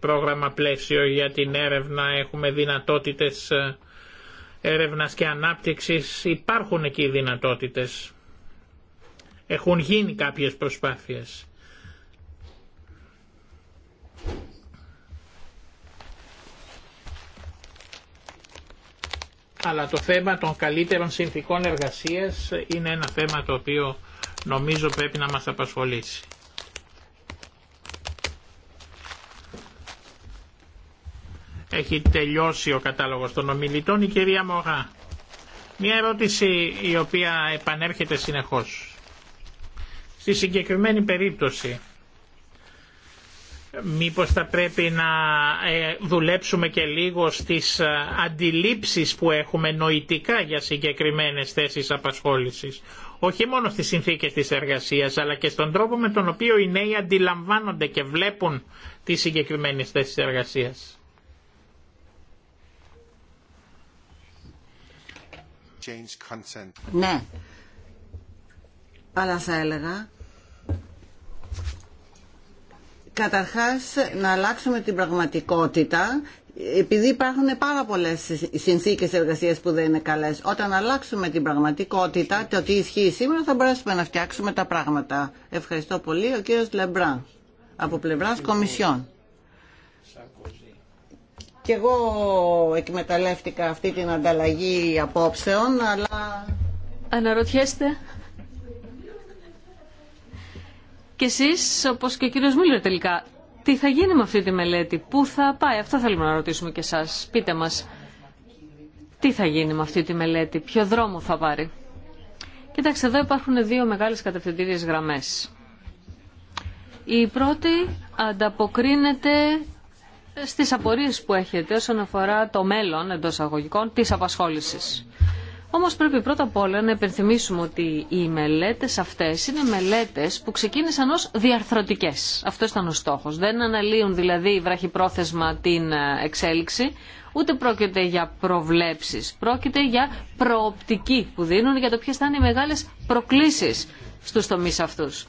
πρόγραμμα πλαίσιο για την έρευνα, έχουμε δυνατότητες ε, έρευνας και ανάπτυξης, υπάρχουν εκεί δυνατότητες. Έχουν γίνει κάποιες προσπάθειες. αλλά το θέμα των καλύτερων συνθήκων εργασίας είναι ένα θέμα το οποίο νομίζω πρέπει να μας απασχολήσει. Έχει τελειώσει ο κατάλογος των ομιλητών η κυρία Μογά. Μια ερώτηση η οποία επανέρχεται συνεχώς. Στη συγκεκριμένη περίπτωση μήπως θα πρέπει να ε, δουλέψουμε και λίγο στις ε, αντιλήψεις που έχουμε νοητικά για συγκεκριμένες θέσεις απασχόλησης. Όχι μόνο στις συνθήκες της εργασίας, αλλά και στον τρόπο με τον οποίο οι νέοι αντιλαμβάνονται και βλέπουν τις συγκεκριμένες θέσεις εργασίας. Ναι, αλλά θα έλεγα Καταρχάς, να αλλάξουμε την πραγματικότητα επειδή υπάρχουν πάρα πολλές συνθήκες εργασίας που δεν είναι καλές. Όταν αλλάξουμε την πραγματικότητα, το τι ισχύει σήμερα, θα μπορέσουμε να φτιάξουμε τα πράγματα. Ευχαριστώ πολύ. Ο κύριο Λεμπρά, από πλευράς Κομισιόν. Και εγώ εκμεταλλεύτηκα αυτή την ανταλλαγή απόψεων, αλλά. Αναρωτιέστε και εσεί, όπως και ο κύριο Μίλλερ τελικά, τι θα γίνει με αυτή τη μελέτη, πού θα πάει, αυτό θέλουμε να ρωτήσουμε και εσά. Πείτε μας, τι θα γίνει με αυτή τη μελέτη, ποιο δρόμο θα πάρει. Κοιτάξτε, εδώ υπάρχουν δύο μεγάλες κατευθυντήριες γραμμές. Η πρώτη ανταποκρίνεται στις απορίες που έχετε όσον αφορά το μέλλον εντός αγωγικών της απασχόλησης. Όμως πρέπει πρώτα απ' όλα να υπενθυμίσουμε ότι οι μελέτες αυτές είναι μελέτες που ξεκίνησαν ως διαρθρωτικές. Αυτό ήταν ο στόχος. Δεν αναλύουν δηλαδή βραχυπρόθεσμα την ε, εξέλιξη, ούτε πρόκειται για προβλέψεις. Πρόκειται για προοπτική που δίνουν για το ποιες θα είναι οι μεγάλες προκλήσεις στους τομείς αυτούς.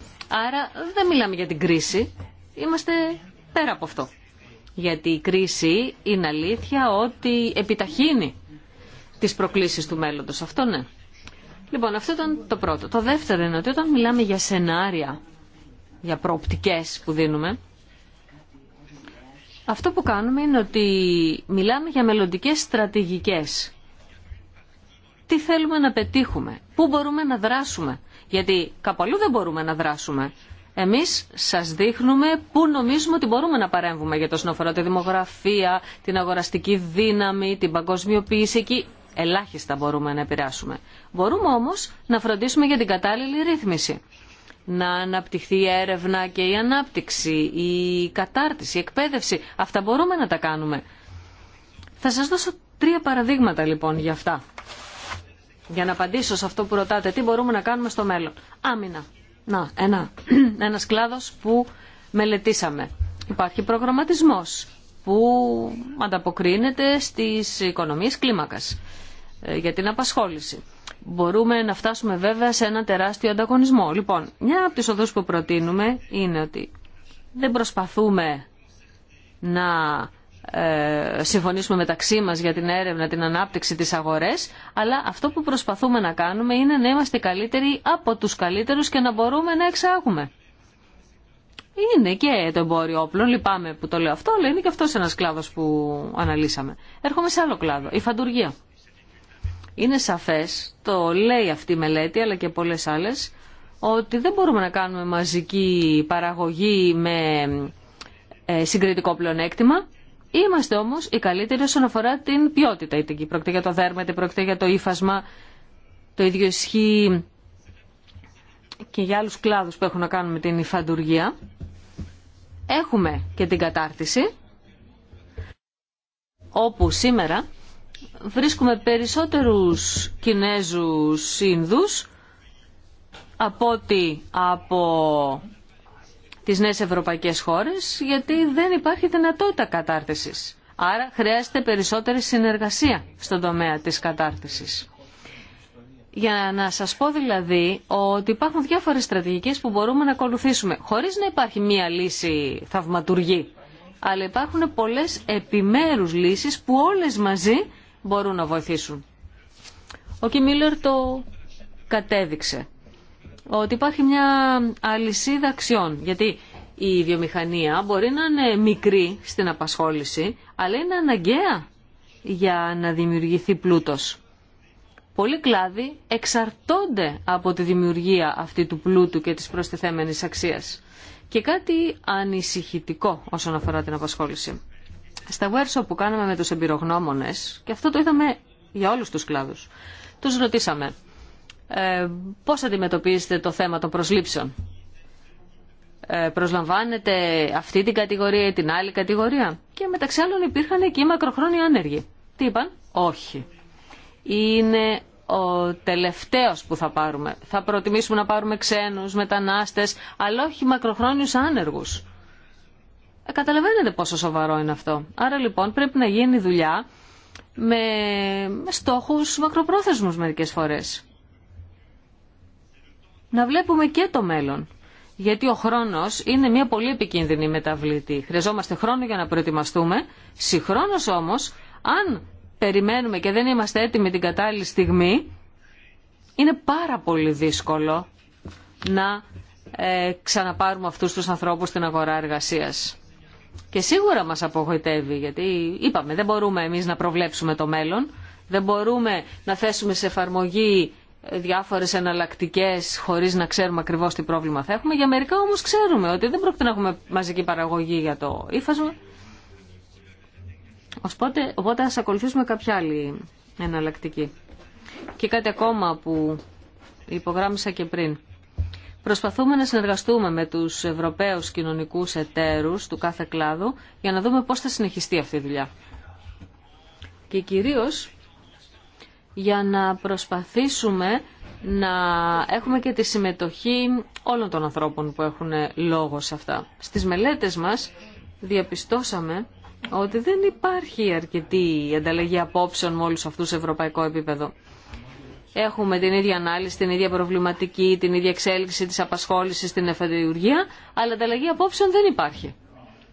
Άρα δεν μιλάμε για την κρίση, είμαστε πέρα από αυτό. Γιατί η κρίση είναι αλήθεια ότι επιταχύνει τις προκλήσεις του μέλλοντος. Αυτό ναι. Λοιπόν, αυτό ήταν το πρώτο. Το δεύτερο είναι ότι όταν μιλάμε για σενάρια, για προοπτικές που δίνουμε, αυτό που κάνουμε είναι ότι μιλάμε για μελλοντικές στρατηγικές. Τι θέλουμε να πετύχουμε, πού μπορούμε να δράσουμε, γιατί κάπου αλλού δεν μπορούμε να δράσουμε. Εμείς σας δείχνουμε πού νομίζουμε ότι μπορούμε να παρέμβουμε για το αφορά τη δημογραφία, την αγοραστική δύναμη, την παγκοσμιοποίηση. Εκεί Ελάχιστα μπορούμε να επηρεάσουμε. Μπορούμε όμως να φροντίσουμε για την κατάλληλη ρύθμιση. Να αναπτυχθεί η έρευνα και η ανάπτυξη, η κατάρτιση, η εκπαίδευση. Αυτά μπορούμε να τα κάνουμε. Θα σας δώσω τρία παραδείγματα λοιπόν για αυτά. Για να απαντήσω σε αυτό που ρωτάτε, τι μπορούμε να κάνουμε στο μέλλον. Άμυνα. Να, ένα, ένας κλάδος που μελετήσαμε. Υπάρχει προγραμματισμός που ανταποκρίνεται στις οικονομίες κλίμακας. Ε, για την απασχόληση. Μπορούμε να φτάσουμε βέβαια σε ένα τεράστιο ανταγωνισμό. Λοιπόν, μια από τις οδούς που προτείνουμε είναι ότι δεν προσπαθούμε να ε, συμφωνήσουμε μεταξύ μας για την έρευνα, την ανάπτυξη, τις αγορές, αλλά αυτό που προσπαθούμε να κάνουμε είναι να είμαστε καλύτεροι από τους καλύτερους και να μπορούμε να εξάγουμε. Είναι και το εμπόριο όπλων, λυπάμαι που το λέω αυτό, αλλά είναι και αυτός ένας κλάδος που αναλύσαμε. Έρχομαι σε άλλο κλάδο, η φαντουργία. Είναι σαφές, το λέει αυτή η μελέτη αλλά και πολλές άλλες, ότι δεν μπορούμε να κάνουμε μαζική παραγωγή με ε, συγκριτικό πλεονέκτημα. Είμαστε όμως οι καλύτεροι όσον αφορά την ποιότητα. Είτε πρόκειται για το δέρμα, είτε για το ύφασμα. Το ίδιο ισχύει και για άλλους κλάδους που έχουν να κάνουν με την υφαντουργία. Έχουμε και την κατάρτιση, όπου σήμερα βρίσκουμε περισσότερους Κινέζους Ινδούς από ότι από τις νέες ευρωπαϊκές χώρες γιατί δεν υπάρχει δυνατότητα κατάρτισης. Άρα χρειάζεται περισσότερη συνεργασία στον τομέα της κατάρτισης. Για να σας πω δηλαδή ότι υπάρχουν διάφορες στρατηγικές που μπορούμε να ακολουθήσουμε χωρίς να υπάρχει μία λύση θαυματουργή. Αλλά υπάρχουν πολλές επιμέρους λύσεις που όλες μαζί μπορούν να βοηθήσουν. Ο Κιμίλερ το κατέδειξε ότι υπάρχει μια αλυσίδα αξιών. Γιατί η βιομηχανία μπορεί να είναι μικρή στην απασχόληση, αλλά είναι αναγκαία για να δημιουργηθεί πλούτος. Πολλοί κλάδοι εξαρτώνται από τη δημιουργία αυτή του πλούτου και της προστιθέμενης αξίας. Και κάτι ανησυχητικό όσον αφορά την απασχόληση. Στα workshop που κάναμε με τους εμπειρογνώμονες, και αυτό το είδαμε για όλους τους κλάδους, τους ρωτήσαμε ε, πώς αντιμετωπίζετε το θέμα των προσλήψεων. Ε, προσλαμβάνετε αυτή την κατηγορία ή την άλλη κατηγορία. Και μεταξύ άλλων υπήρχαν και οι μακροχρόνιοι άνεργοι. Τι είπαν? Όχι. Είναι ο τελευταίος που θα πάρουμε. Θα προτιμήσουμε να πάρουμε ξένους, μετανάστες, αλλά όχι μακροχρόνιους άνεργους. Ε, καταλαβαίνετε πόσο σοβαρό είναι αυτό. Άρα λοιπόν πρέπει να γίνει δουλειά με στόχους μακροπρόθεσμους μερικές φορές. Να βλέπουμε και το μέλλον. Γιατί ο χρόνος είναι μια πολύ επικίνδυνη μεταβλητή. Χρειαζόμαστε χρόνο για να προετοιμαστούμε. Συγχρόνως όμως, αν περιμένουμε και δεν είμαστε έτοιμοι την κατάλληλη στιγμή, είναι πάρα πολύ δύσκολο να ε, ξαναπάρουμε αυτούς τους ανθρώπους στην αγορά εργασίας. Και σίγουρα μας απογοητεύει, γιατί είπαμε δεν μπορούμε εμείς να προβλέψουμε το μέλλον, δεν μπορούμε να θέσουμε σε εφαρμογή διάφορες εναλλακτικέ χωρίς να ξέρουμε ακριβώς τι πρόβλημα θα έχουμε. Για μερικά όμως ξέρουμε ότι δεν πρόκειται να έχουμε μαζική παραγωγή για το ύφασμα. Οπότε, οπότε ας ακολουθήσουμε κάποια άλλη εναλλακτική. Και κάτι ακόμα που υπογράμμισα και πριν. Προσπαθούμε να συνεργαστούμε με τους Ευρωπαίους κοινωνικούς εταίρους του κάθε κλάδου για να δούμε πώς θα συνεχιστεί αυτή η δουλειά. Και κυρίως για να προσπαθήσουμε να έχουμε και τη συμμετοχή όλων των ανθρώπων που έχουν λόγο σε αυτά. Στις μελέτες μας διαπιστώσαμε ότι δεν υπάρχει αρκετή ανταλλαγή απόψεων με όλους αυτούς σε ευρωπαϊκό επίπεδο έχουμε την ίδια ανάλυση, την ίδια προβληματική, την ίδια εξέλιξη της απασχόλησης στην εφεδεουργία, αλλά ανταλλαγή απόψεων δεν υπάρχει.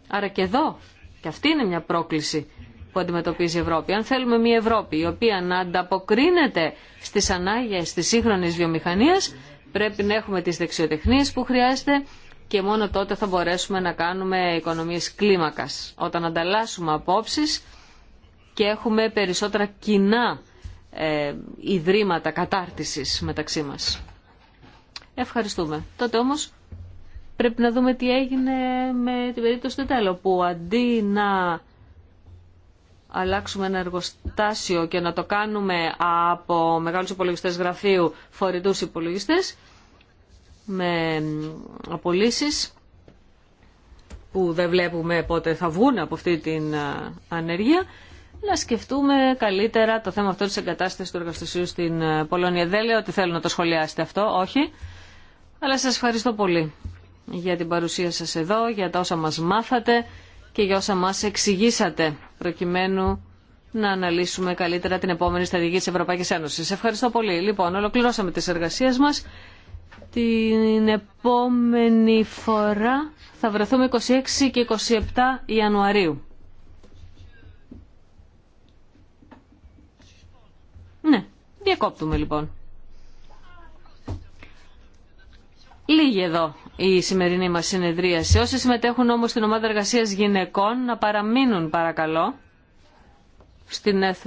Άρα και εδώ, και αυτή είναι μια πρόκληση που αντιμετωπίζει η Ευρώπη. Αν θέλουμε μια Ευρώπη η οποία να ανταποκρίνεται στις ανάγκες της σύγχρονης βιομηχανίας, πρέπει να έχουμε τις δεξιοτεχνίες που χρειάζεται και μόνο τότε θα μπορέσουμε να κάνουμε οικονομίες κλίμακας. Όταν ανταλλάσσουμε απόψεις και έχουμε περισσότερα κοινά ε, ιδρύματα κατάρτισης μεταξύ μας. Ευχαριστούμε. Τότε όμως πρέπει να δούμε τι έγινε με την περίπτωση του τέλο, που αντί να αλλάξουμε ένα εργοστάσιο και να το κάνουμε από μεγάλους υπολογιστές γραφείου φορητούς υπολογιστές με απολύσεις που δεν βλέπουμε πότε θα βγουν από αυτή την ε, ανεργία να σκεφτούμε καλύτερα το θέμα αυτό τη εγκατάσταση του εργοστασίου στην ε, Πολωνία. Δεν λέω ότι θέλω να το σχολιάσετε αυτό, όχι. Αλλά σα ευχαριστώ πολύ για την παρουσία σα εδώ, για τα όσα μα μάθατε και για όσα μα εξηγήσατε προκειμένου να αναλύσουμε καλύτερα την επόμενη στρατηγική της Ευρωπαϊκής Ένωσης. Ευχαριστώ πολύ. Λοιπόν, ολοκληρώσαμε τις εργασίες μας. Την επόμενη φορά θα βρεθούμε 26 και 27 Ιανουαρίου. Διακόπτουμε λοιπόν. Λίγη εδώ η σημερινή μας συνεδρίαση. Όσοι συμμετέχουν όμως στην ομάδα εργασίας γυναικών να παραμείνουν παρακαλώ στην αίθουσα.